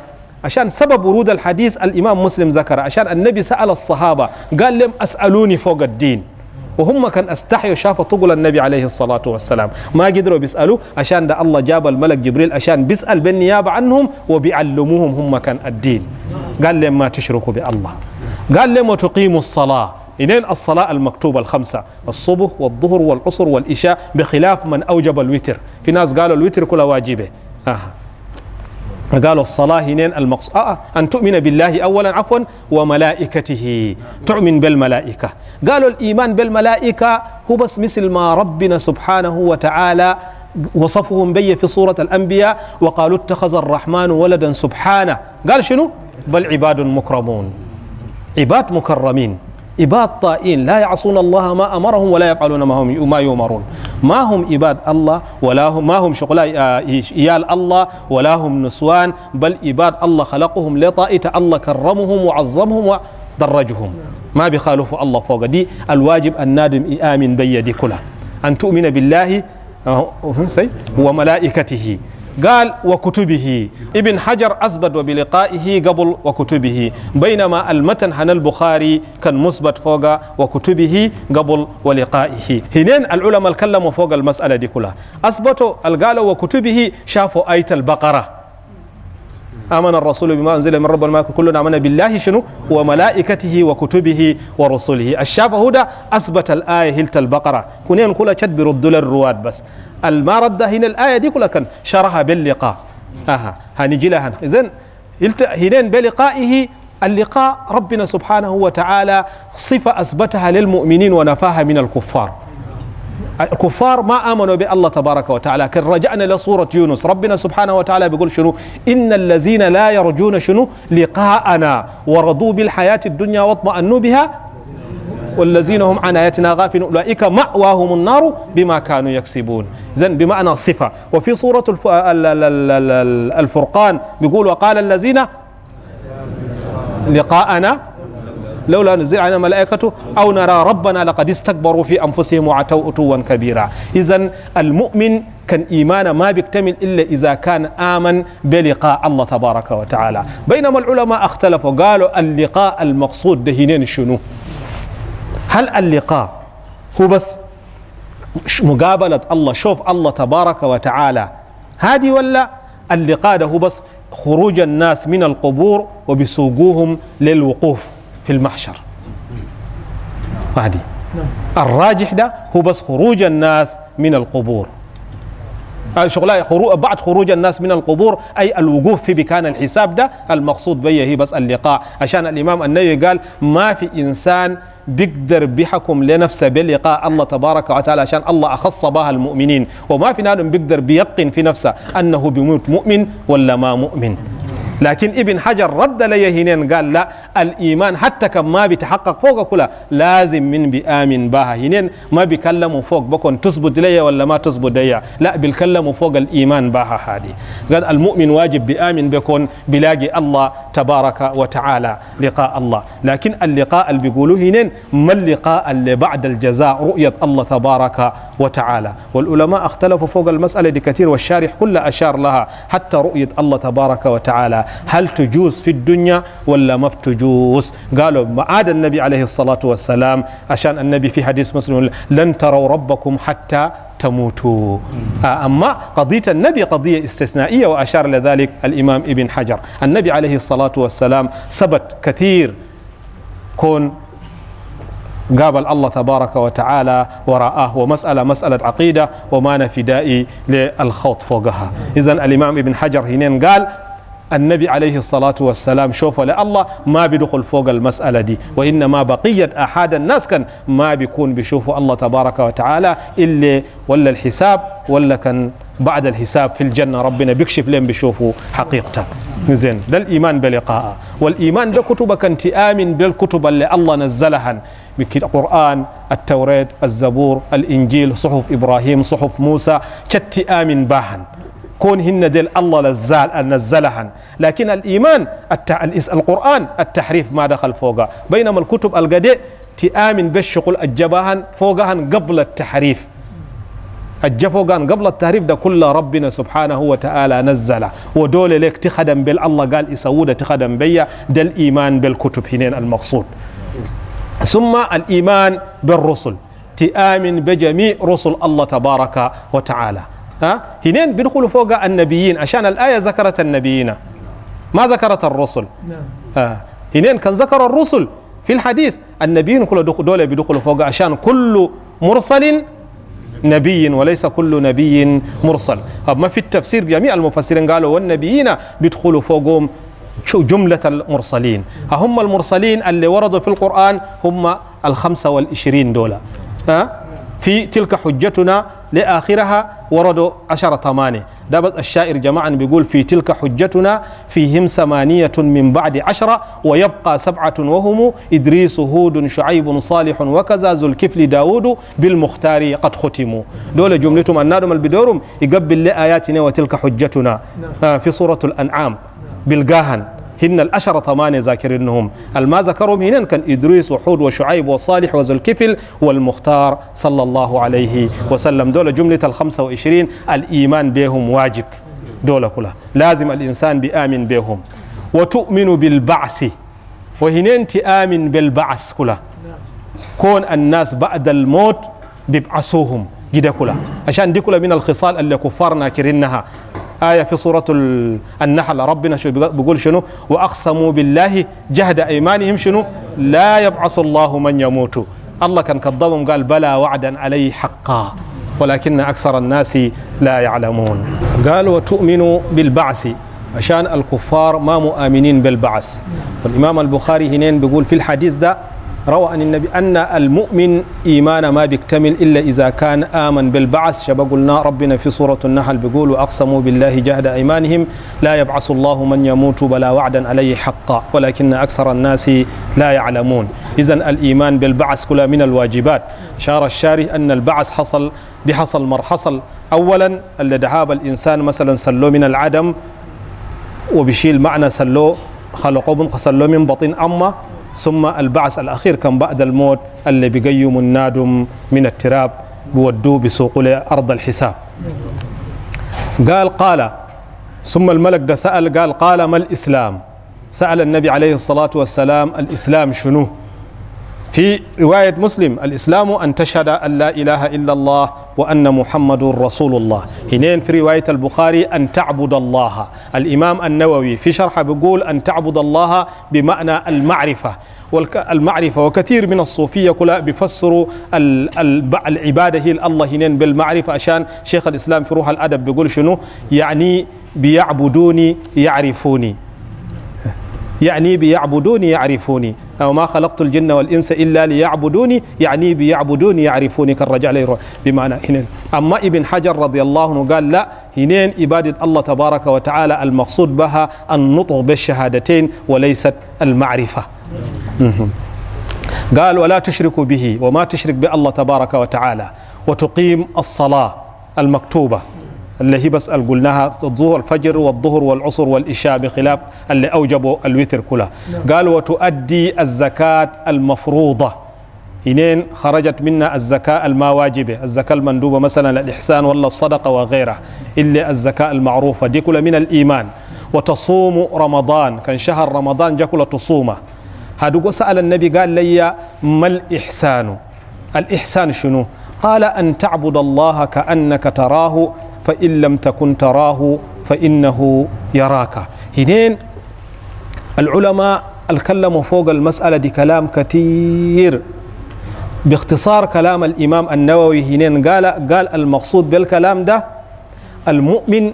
عشان سبب ورود الحديث الإمام مسلم ذكر عشان النبي سأل الصحابة قال لهم أسألوني فوق الدين وهم كان استحيوا شافوا طقل النبي عليه الصلاة والسلام ما قدروا بيسألوا عشان ده الله جاب الملك جبريل عشان بيسأل بالنيابة عنهم وبيعلموهم هم كان الدين قال لهم ما تشركوا بالله قال لهم وتقيموا الصلاة إلين الصلاة المكتوبة الخمسة الصبح والظهر والعصر والإشاء بخلاف من أوجب الوتر في ناس قالوا الوتر كله واجبة آه. قالوا الصلاة هنا المقصود آه،, آه أن تؤمن بالله أولا عفوا وملائكته تؤمن بالملائكة قالوا الإيمان بالملائكة هو بس مثل ما ربنا سبحانه وتعالى وصفهم بي في سورة الأنبياء وقالوا اتخذ الرحمن ولدا سبحانه قال شنو بل عباد مكرمون عباد مكرمين عباد طائين لا يعصون الله ما أمرهم ولا يفعلون ما هم ما يؤمرون ما هم عباد الله ولا هم ما هم شغلاء آه، عيال الله ولا هم نسوان بل عباد الله خلقهم لطائت الله كرمهم وعظمهم ودرجهم ما بخالف الله فوق دي الواجب أن نادم إيامن بيدي كلها أن تؤمن بالله آه، وملائكته قال وكتبه ابن حجر أثبت وبلقائه قبل وكتبه بينما المتن حن البخاري كان مثبت فوق وكتبه قبل ولقائه هنين العلماء الكلام فوق المسألة دي كلها أثبتوا قال وكتبه شافوا آية البقرة آمن الرسول بما أنزل من رب الملائكة كلنا آمن بالله شنو وملائكته وكتبه ورسله الشافه هدى أثبت الآية هلت البقرة كنين كل شد برد الرواد بس المرد هنا الآية دي كلها كان شرها باللقاء أها هنجي لها إذن هنا بلقائه اللقاء ربنا سبحانه وتعالى صفة أثبتها للمؤمنين ونفاها من الكفار الكفار ما آمنوا بالله تبارك وتعالى كان رجعنا لصورة يونس ربنا سبحانه وتعالى بيقول شنو إن الذين لا يرجون شنو لقاءنا ورضوا بالحياة الدنيا واطمأنوا بها والذين هم عن آياتنا غافلون أولئك مأواهم النار بما كانوا يكسبون إذا بمعنى صفة وفي سورة آه، الفرقان بيقول وقال الذين لقاءنا لولا نزل علينا ملائكة أو نرى ربنا لقد استكبروا في أنفسهم وعتوا عتوا كبيرا إذا المؤمن كان إيمان ما بيكتمل إلا إذا كان آمن بلقاء الله تبارك وتعالى بينما العلماء اختلفوا قالوا اللقاء المقصود دهينين شنو هل اللقاء هو بس مقابلة الله شوف الله تبارك وتعالى هذه ولا اللقاء ده هو بس خروج الناس من القبور وبسوقوهم للوقوف في المحشر هذه نعم. الراجح ده هو بس خروج الناس من القبور آه، شغلها خرو... بعد خروج الناس من القبور اي الوقوف في مكان الحساب ده المقصود به هي بس اللقاء عشان الامام النووي قال ما في انسان بيقدر بيحكم لنفسه بلقاء الله تبارك وتعالى عشان الله اخص بها المؤمنين وما في نادم بيقدر بيقن في نفسه انه بيموت مؤمن ولا ما مؤمن لكن ابن حجر رد لي هنا قال لا الإيمان حتى كما بيتحقق فوق كلها لازم من بآمن بها هنين ما بيكلموا فوق بكون تثبت لي ولا ما تثبت لي لا بيكلموا فوق الإيمان بها هذه قال المؤمن واجب بآمن بكون بلاقي الله تبارك وتعالى لقاء الله لكن اللقاء اللي بيقولوا هنين ما اللقاء اللي بعد الجزاء رؤية الله تبارك وتعالى والعلماء اختلفوا فوق المسألة دي كثير والشارح كل أشار لها حتى رؤية الله تبارك وتعالى هل تجوز في الدنيا ولا ما بتجوز الجوس قالوا عاد النبي عليه الصلاة والسلام عشان النبي في حديث مسلم لن تروا ربكم حتى تموتوا آه، أما قضية النبي قضية استثنائية وأشار لذلك الإمام ابن حجر النبي عليه الصلاة والسلام ثبت كثير كون قابل الله تبارك وتعالى وراءه ومسألة مسألة عقيدة وما نفدائي للخوض فوقها إذا الإمام ابن حجر هنا قال النبي عليه الصلاة والسلام شوف لا الله ما بيدخل فوق المسألة دي وإنما بقية أحد الناس كان ما بيكون بيشوف الله تبارك وتعالى إلا ولا الحساب ولا كان بعد الحساب في الجنة ربنا بيكشف لهم بيشوفوا حقيقته زين ده الإيمان بلقاء والإيمان ده كتبك أنت آمن بالكتب اللي الله نزلها القرآن التوراة الزبور الإنجيل صحف إبراهيم صحف موسى شتي آمن باهن كون هن ديل الله لزال نزلهن لكن الإيمان القرآن التحريف ما دخل فوقه بينما الكتب القديء تآمن بالشقل الجباها فوقهن قبل التحريف الجفوغان قبل التعريف ده كل ربنا سبحانه وتعالى نزله ودول لك تخدم بال الله قال يسود تخدم بيا ده الإيمان بالكتب هنا المقصود ثم الإيمان بالرسل تآمن بجميع رسل الله تبارك وتعالى ها هنين بيدخلوا فوق النبيين عشان الآية ذكرت النبيين ما ذكرت الرسل نعم. ها هنين كان ذكر الرسل في الحديث النبيين كل دول بيدخلوا فوق عشان كل مرسل نبي وليس كل نبي مرسل ما في التفسير جميع المفسرين قالوا والنبيين بيدخلوا فوقهم جملة المرسلين هم المرسلين اللي وردوا في القرآن هم الخمسة والعشرين دولة ها في تلك حجتنا لآخرها وردوا عشرة ثمانية ده بس الشاعر جماعة بيقول في تلك حجتنا فيهم ثمانية من بعد عشرة ويبقى سبعة وهم إدريس هود شعيب صالح وكذا ذو الكفل داود بالمختار قد ختموا دول جملتهم النادم البدورم يقبل لآياتنا وتلك حجتنا نعم. آه، في سورة الأنعام بالقاهن هن الأشرة ثمان ذاكرينهم الما ذكرهم هنا كان إدريس وحود وشعيب وصالح وذو الكفل والمختار صلى الله عليه وسلم دول جملة الخمسة وعشرين الإيمان بهم واجب دول كلها لازم الإنسان بآمن بهم وتؤمن بالبعث وهنا أنت آمن بالبعث كلها كون الناس بعد الموت بيبعثوهم جدا كلها عشان دي كلها من الخصال اللي كفارنا كرنها آية في سورة النحل ربنا شو بيقول شنو وأقسموا بالله جهد أيمانهم شنو لا يبعث الله من يموت الله كان كذبهم قال بلى وعدا عليه حقا ولكن أكثر الناس لا يعلمون قال وتؤمنوا بالبعث عشان الكفار ما مؤمنين بالبعث والإمام البخاري هنا بيقول في الحديث ده روى عن النبي أن المؤمن إيمان ما بيكتمل إلا إذا كان آمن بالبعث شبه قلنا ربنا في سورة النحل بيقول وأقسموا بالله جهد أيمانهم لا يبعث الله من يموت بلا وعدا عليه حقا ولكن أكثر الناس لا يعلمون إذا الإيمان بالبعث كل من الواجبات شار الشاري أن البعث حصل بحصل مر حصل أولا الذهاب الإنسان مثلا سلو من العدم وبشيل معنى سلو خلقوا من سلو من بطن أمه ثم البعث الأخير كان بعد الموت اللي بيقيم النادم من التراب بودوه بسوق له أرض الحساب قال قال ثم الملك ده سأل قال قال ما الإسلام سأل النبي عليه الصلاة والسلام الإسلام شنو في رواية مسلم الإسلام أن تشهد أن لا إله إلا الله وأن محمد رسول الله هنا في رواية البخاري أن تعبد الله الإمام النووي في شرحه بيقول أن تعبد الله بمعنى المعرفة المعرفة وكثير من الصوفية كلها بيفسروا العبادة هي الله هنين بالمعرفة عشان شيخ الإسلام في روح الأدب بيقول شنو يعني بيعبدوني يعرفوني يعني بيعبدوني يعرفوني أو ما خلقت الجن والإنس إلا ليعبدوني يعني بيعبدوني يعرفوني كالرجع عليه بمعنى هنا أما ابن حجر رضي الله عنه قال لا هنين عبادة الله تبارك وتعالى المقصود بها النطق بالشهادتين وليست المعرفة قال ولا تشرك به وما تشرك بالله تبارك وتعالى وتقيم الصلاة المكتوبة اللي هي بس قلناها الظهر الفجر والظهر والعصر والإشاء بخلاف اللي أوجبوا الوتر كلها نعم. قال وتؤدي الزكاة المفروضة إنين خرجت منا الزكاة الما واجبة الزكاة المندوبة مثلا الإحسان ولا الصدقة وغيرها إلا الزكاة المعروفة دي كل من الإيمان وتصوم رمضان كان شهر رمضان كل تصومه هذا سأل النبي قال لي ما الإحسان الإحسان شنو قال أن تعبد الله كأنك تراه فإن لم تكن تراه فإنه يراك هنين العلماء الكلام فوق المسألة دي كلام كثير باختصار كلام الإمام النووي هنا قال قال المقصود بالكلام ده المؤمن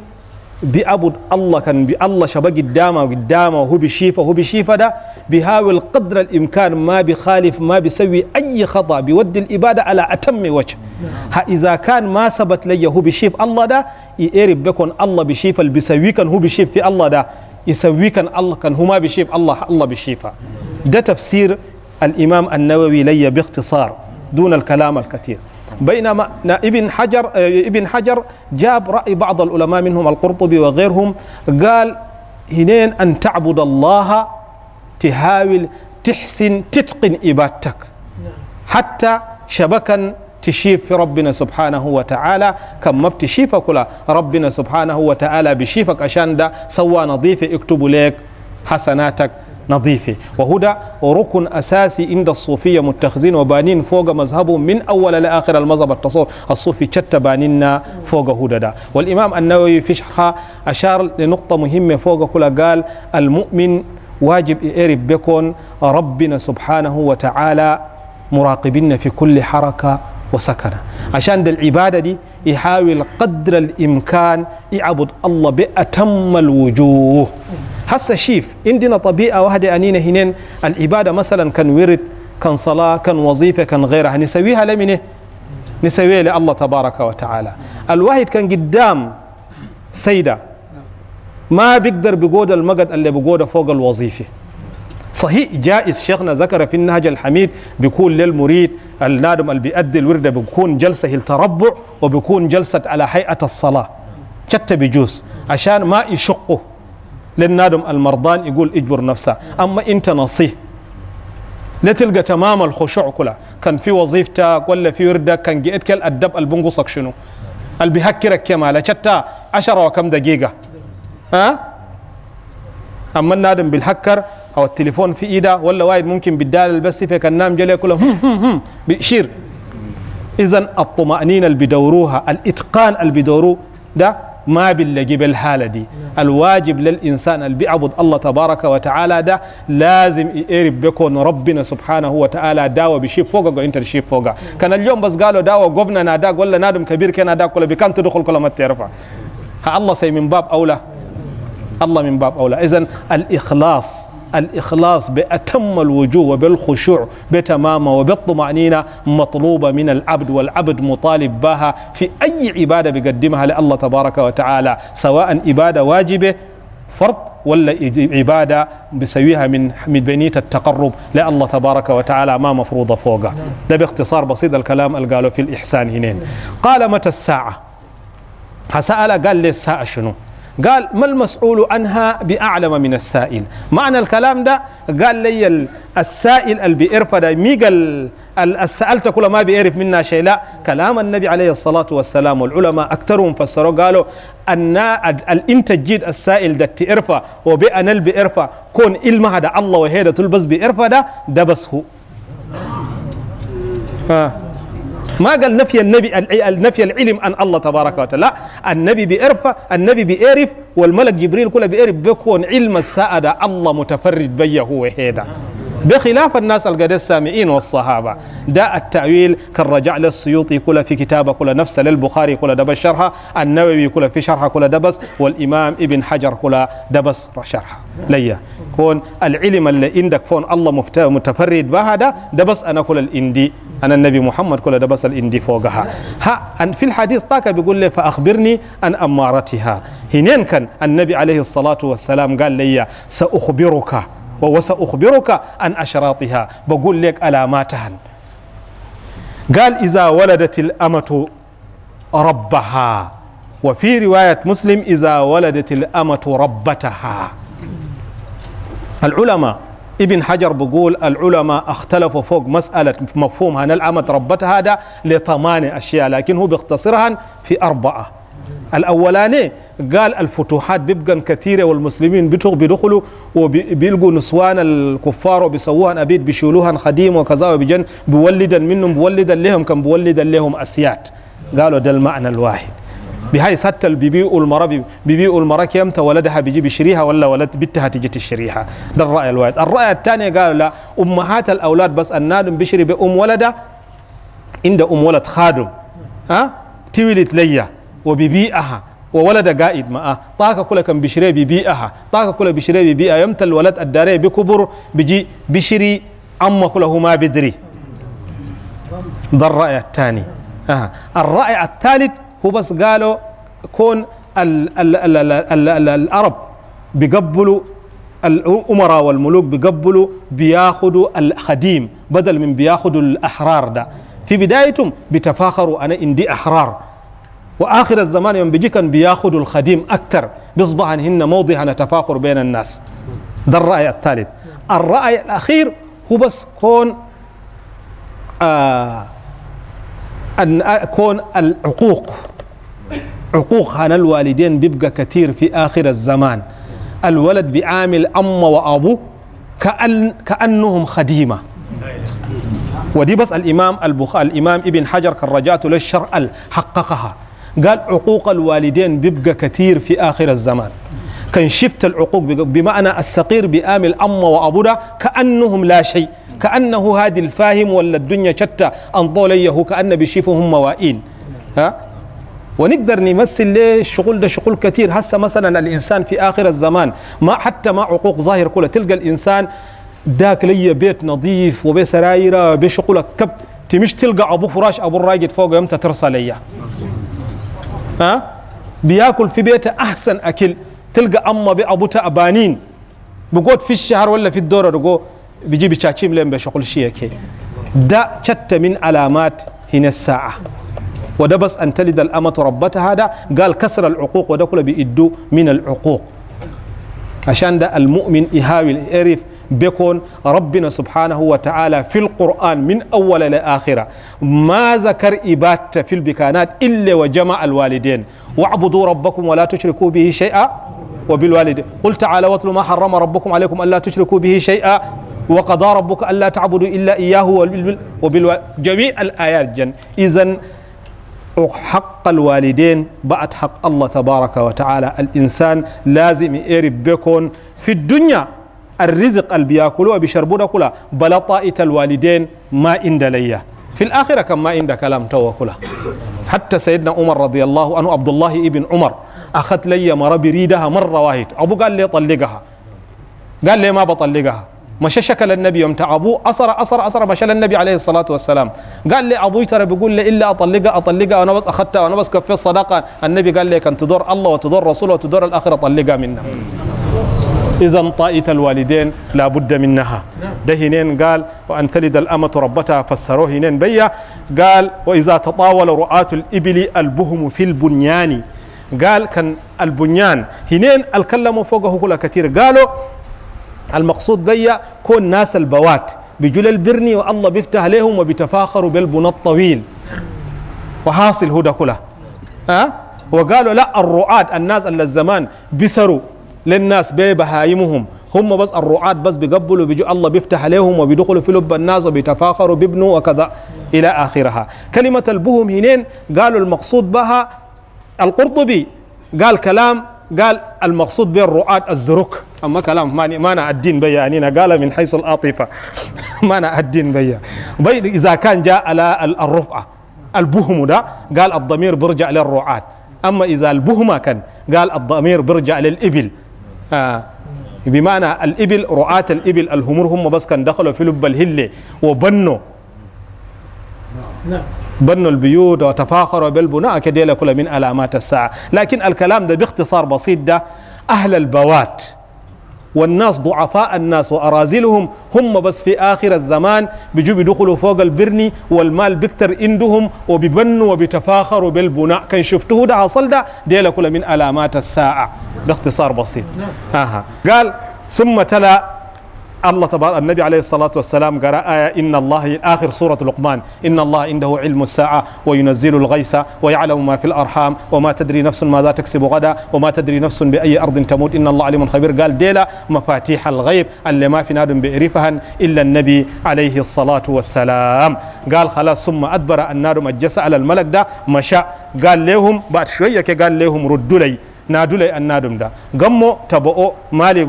بأبد الله كان بالله شبه قدامه قدامه هو بشيفه هو بشيفه ده بيحاول قدر الإمكان ما بخالف ما بيسوي أي خطأ بيود الإبادة على أتم وجه إذا كان ما ثبت لي هو بشيف الله ده يقرب بكون الله بشيف اللي بيسوي كان هو بشيف في الله ده يسوي كان الله كان هو ما بشيف الله الله بشيفه ده تفسير الإمام النووي لي باختصار دون الكلام الكثير بينما ابن حجر آه، ابن حجر جاب رأي بعض العلماء منهم القرطبي وغيرهم قال هنين أن تعبد الله تهاول تحسن تتقن إبادتك حتى شبكا تشيف في ربنا سبحانه وتعالى كما بتشيفك لا ربنا سبحانه وتعالى بشيفك عشان ده سوى نظيف اكتب لك حسناتك نظيفة وهدى ركن أساسي عند الصوفية متخذين وبانين فوق مذهبهم من أول لآخر المذهب التصور الصوفي شتى بانينا فوق هدى دا والإمام النووي في شرحه أشار لنقطة مهمة فوق كل قال المؤمن واجب يعرف بكون ربنا سبحانه وتعالى مراقبين في كل حركة وسكنة عشان العبادة دي يحاول قدر الامكان يعبد الله باتم الوجوه هسه شيف عندنا طبيعه واحده انينا هنين العباده مثلا كان ورد كان صلاه كان وظيفه كان غيرها نسويها لمنه نسويها لله تبارك وتعالى الواحد كان قدام سيده ما بيقدر بقود المجد اللي بقوده فوق الوظيفه صحيح جائز شيخنا ذكر في النهج الحميد بيكون للمريد النادم اللي بيأدي الورده بيكون جلسه التربع وبيكون جلسه على هيئه الصلاه شتى بيجوز عشان ما يشقه للنادم المرضان يقول اجبر نفسه اما انت نصيح لا تلقى تمام الخشوع كلها كان في وظيفتك ولا في وردك كان جئت كل الدب البنقصك شنو اللي بيهكرك لا شتى عشرة وكم دقيقة ها أما النادم بالهكر او التليفون في ايده ولا واحد ممكن بالدال بس في كنام جلي كله بيشير اذا الطمانينه اللي بيدوروها الاتقان اللي بيدوروه ده ما بنلاقي بالحالة دي الواجب للإنسان اللي بيعبد الله تبارك وتعالى ده لازم يقرب بكون ربنا سبحانه وتعالى داوة بشيب فوقه انت شيب فوقه كان اليوم بس قالوا داوة قبنا ناداك ولا نادم كبير كان ناداك ولا بكان تدخل كل ما تعرفها الله سي من باب أولى الله من باب أولى إذا الإخلاص الإخلاص بأتم الوجوه وبالخشوع بتمامه وبالطمأنينة مطلوبة من العبد والعبد مطالب بها في أي عبادة بقدمها لله تبارك وتعالى سواء عبادة واجبة فرض ولا عبادة بسويها من بنية التقرب لله تبارك وتعالى ما مفروضة فوقه ده باختصار بسيط الكلام اللي قالوا في الإحسان هنا قال متى الساعة فسأل قال لي الساعة شنو قال ما المسؤول عنها بأعلم من السائل معنى الكلام ده قال لي السائل اللي بيعرف ده ميقل السألت كل ما بيعرف منا شيء لا كلام النبي عليه الصلاة والسلام والعلماء أكثرهم فسروا قالوا أن أنت جيد السائل ده تعرفه وبأن اللي كون علم هذا الله وهذا تلبس بيعرفه ده ده بس هو ما قال نفي النبي نفي العلم عن الله تبارك وتعالى لا النبي بيعرف النبي بيعرف والملك جبريل كله بيعرف بيكون علم السعادة الله متفرد بيه هو هذا بخلاف الناس القدس السامعين والصحابة داء التأويل كالرجع للسيوطي كل في كتابه كل نفس للبخاري كل دبس شرحه النووي كل في شرحه كل دبس والإمام ابن حجر كل دبس شرحه ليا كون العلم اللي عندك فون الله متفرد بهذا دبس أنا كل الاندي أنا النبي محمد كل دبس الاندي فوقها ها أن في الحديث طاك بيقول لي فأخبرني عن أمارتها هنين كان النبي عليه الصلاة والسلام قال لي سأخبرك وسأخبرك عن أشراطها بقول لك ألاماتها قال إذا ولدت الأمة ربها وفي رواية مسلم إذا ولدت الأمة ربتها العلماء ابن حجر بقول العلماء اختلفوا فوق مسألة مفهوم هنا الأمة ربتها هذا لثمان أشياء لكن هو بيختصرها في أربعة الاولاني قال الفتوحات بيبقى كثيره والمسلمين بيدخلوا وبيلقوا نسوان الكفار وبيسووها ابيد بيشيلوها خديم وكذا وبيجن بولدا منهم بولدا لهم كم بولدا لهم اسيات قالوا ده المعنى الواحد بهاي ستة البيبي المرأة بيبي المرأة كم ولدها بيجي بشريها ولا ولد بنتها تجي تشريها ده الرأي الواحد الرأي الثاني قالوا لا أمهات الأولاد بس النادم بشري بأم ولده عند أم ولد خادم ها تولد ليا وببيئها وولد قائد معه طاقة كل كم بشري ببيئها طاقة كل بشري ببيئة يمتى الولد الداري بكبر بجي بشري أما كله ما بدري ده الرأي الثاني آه. الرأي الثالث هو بس قالوا كون الـ الـ الـ الـ الـ الـ العرب بيقبلوا الأمراء والملوك بيقبلوا بياخدوا الخديم بدل من بياخدوا الأحرار ده في بدايتهم بتفاخروا أنا إندي أحرار واخر الزمان يوم بيجي كان بياخذوا الخديم اكثر بيصبح هن موضع تفاخر بين الناس ده الراي الثالث الراي الاخير هو بس كون آه ان آه، كون العقوق عقوق عن الوالدين بيبقى كثير في اخر الزمان الولد بيعامل امه وابوه كأن كانهم خديمه ودي بس الامام البخاري الامام ابن حجر كرجاته للشرع حققها قال عقوق الوالدين بيبقى كثير في آخر الزمان كان شفت العقوق بمعنى السقير بآمل أم وأبو كأنهم لا شيء كأنه هذه الفاهم ولا الدنيا شتى أنظر ليه كأن بشيفهم موائين ها ونقدر نمثل ليه الشغل ده شغل كثير هسه مثلا الإنسان في آخر الزمان ما حتى ما عقوق ظاهر كله تلقى الإنسان داك لي بيت نظيف وبسرايره سرايرة بشغلك كب تمش تلقى أبو فراش أبو الراجل فوق يمتى ترسل ليه ها بياكل في بيته احسن اكل تلقى امه بابوتا ابانين بقوت في الشهر ولا في الدوره رجو بيجي تشاتشيم لين بشغل شيء كي ده شتى من علامات هنا الساعه وده بس ان تلد الامه ربتها هذا قال كسر العقوق وده كله بيدو من العقوق عشان ده المؤمن يحاول يعرف بيكون ربنا سبحانه وتعالى في القرآن من أول إلى آخرة ما ذكر إبات في البكانات إلا وجمع الوالدين واعبدوا ربكم ولا تشركوا به شيئا وبالوالدين قل تعالى واتلوا ما حرم ربكم عليكم ألا تشركوا به شيئا وقضى ربك ألا تعبدوا إلا إياه وبالوالدين جميع الآيات جن إذن حق الوالدين بعد حق الله تبارك وتعالى الإنسان لازم يقرب بكون في الدنيا الرزق اللي بياكلوه بيشربوه كلها بلا الوالدين ما إن دليه في الآخرة كما عند كلام توكله حتى سيدنا عمر رضي الله عنه عبد الله ابن عمر أخذت لي مرة بريدها مرة واحد أبو قال لي طلقها قال لي ما بطلقها مشى شكل النبي يوم أبوه أصر أصر أصر مشى للنبي عليه الصلاة والسلام قال لي أبوي ترى بيقول لي إلا أطلقها أطلقها أنا بس أخذتها أنا بس كفيت صدقة النبي قال لي كان تدور الله وتدور رسوله وتدور الآخرة طلقها منا إذا طائت الوالدين لا بد منها نعم. ده قال وأن تلد الأمة ربتها فسروه بيا قال وإذا تطاول رعاة الإبل البهم في البنيان قال كان البنيان هنين الكلمة فوقه كل كثير قالوا المقصود بيا كون ناس البوات بجل البرني والله بيفتح عليهم وبيتفاخروا بالبنى الطويل وحاصل هدى كله ها أه؟ وقالوا لا الرعاة الناس اللي الزمان بسروا للناس ببهايمهم هم بس الرعاة بس بيقبلوا بيجوا الله بيفتح عليهم وبيدخلوا في لب الناس وبيتفاخروا بابنه وكذا إلى آخرها كلمة البهم هنين قالوا المقصود بها القرطبي قال كلام قال المقصود به الرعاة الزرق أما كلام ما ما الدين بيا يعني قال من حيث العاطفة ما الدين بيا بي إذا كان جاء على الرفعة البهم ده قال الضمير برجع للرعاة أما إذا البهمة كان قال الضمير برجع للإبل آه. بمعنى الإبل رعاة الإبل الهمر هم بس كان دخلوا في لب الهلة وبنوا بنوا البيوت وتفاخروا بالبناء كديلا كل من علامات الساعة لكن الكلام ده باختصار بسيط ده أهل البوات والناس ضعفاء الناس وأرازلهم هم بس في آخر الزمان بيجوا بيدخلوا فوق البرني والمال بكتر عندهم وبيبنوا وبيتفاخروا بالبناء كان شفته ده حصل ده دي كل من علامات الساعة باختصار بسيط نعم. آه. قال ثم تلا الله تبارك النبي عليه الصلاة والسلام قرأ آية إن الله آخر سورة لقمان إن الله عنده علم الساعة وينزل الغيث ويعلم ما في الأرحام وما تدري نفس ماذا تكسب غدا وما تدري نفس بأي أرض تموت إن الله عليم خبير قال ديلا مفاتيح الغيب اللي ما في ناد بإريفها إلا النبي عليه الصلاة والسلام قال خلاص ثم أدبر النار مجس على الملك ده مشى قال لهم بعد شوية قال لهم ردوا لي نادوا لي النادم ده قموا تبؤوا مالي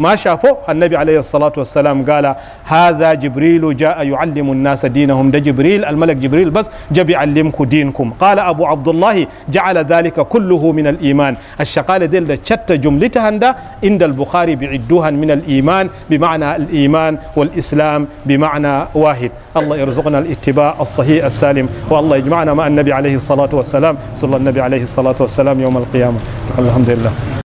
ما شافوا النبي عليه الصلاة والسلام قال هذا جبريل جاء يعلم الناس دينهم ده جبريل الملك جبريل بس جاء يعلمكم دينكم قال أبو عبد الله جعل ذلك كله من الإيمان الشقالة ديل ده شتى جملتها ده عند البخاري بعدوها من الإيمان بمعنى الإيمان والإسلام بمعنى واحد الله يرزقنا الاتباع الصحيح السالم والله يجمعنا مع النبي عليه الصلاة والسلام صلى النبي عليه الصلاة والسلام يوم القيامة الحمد لله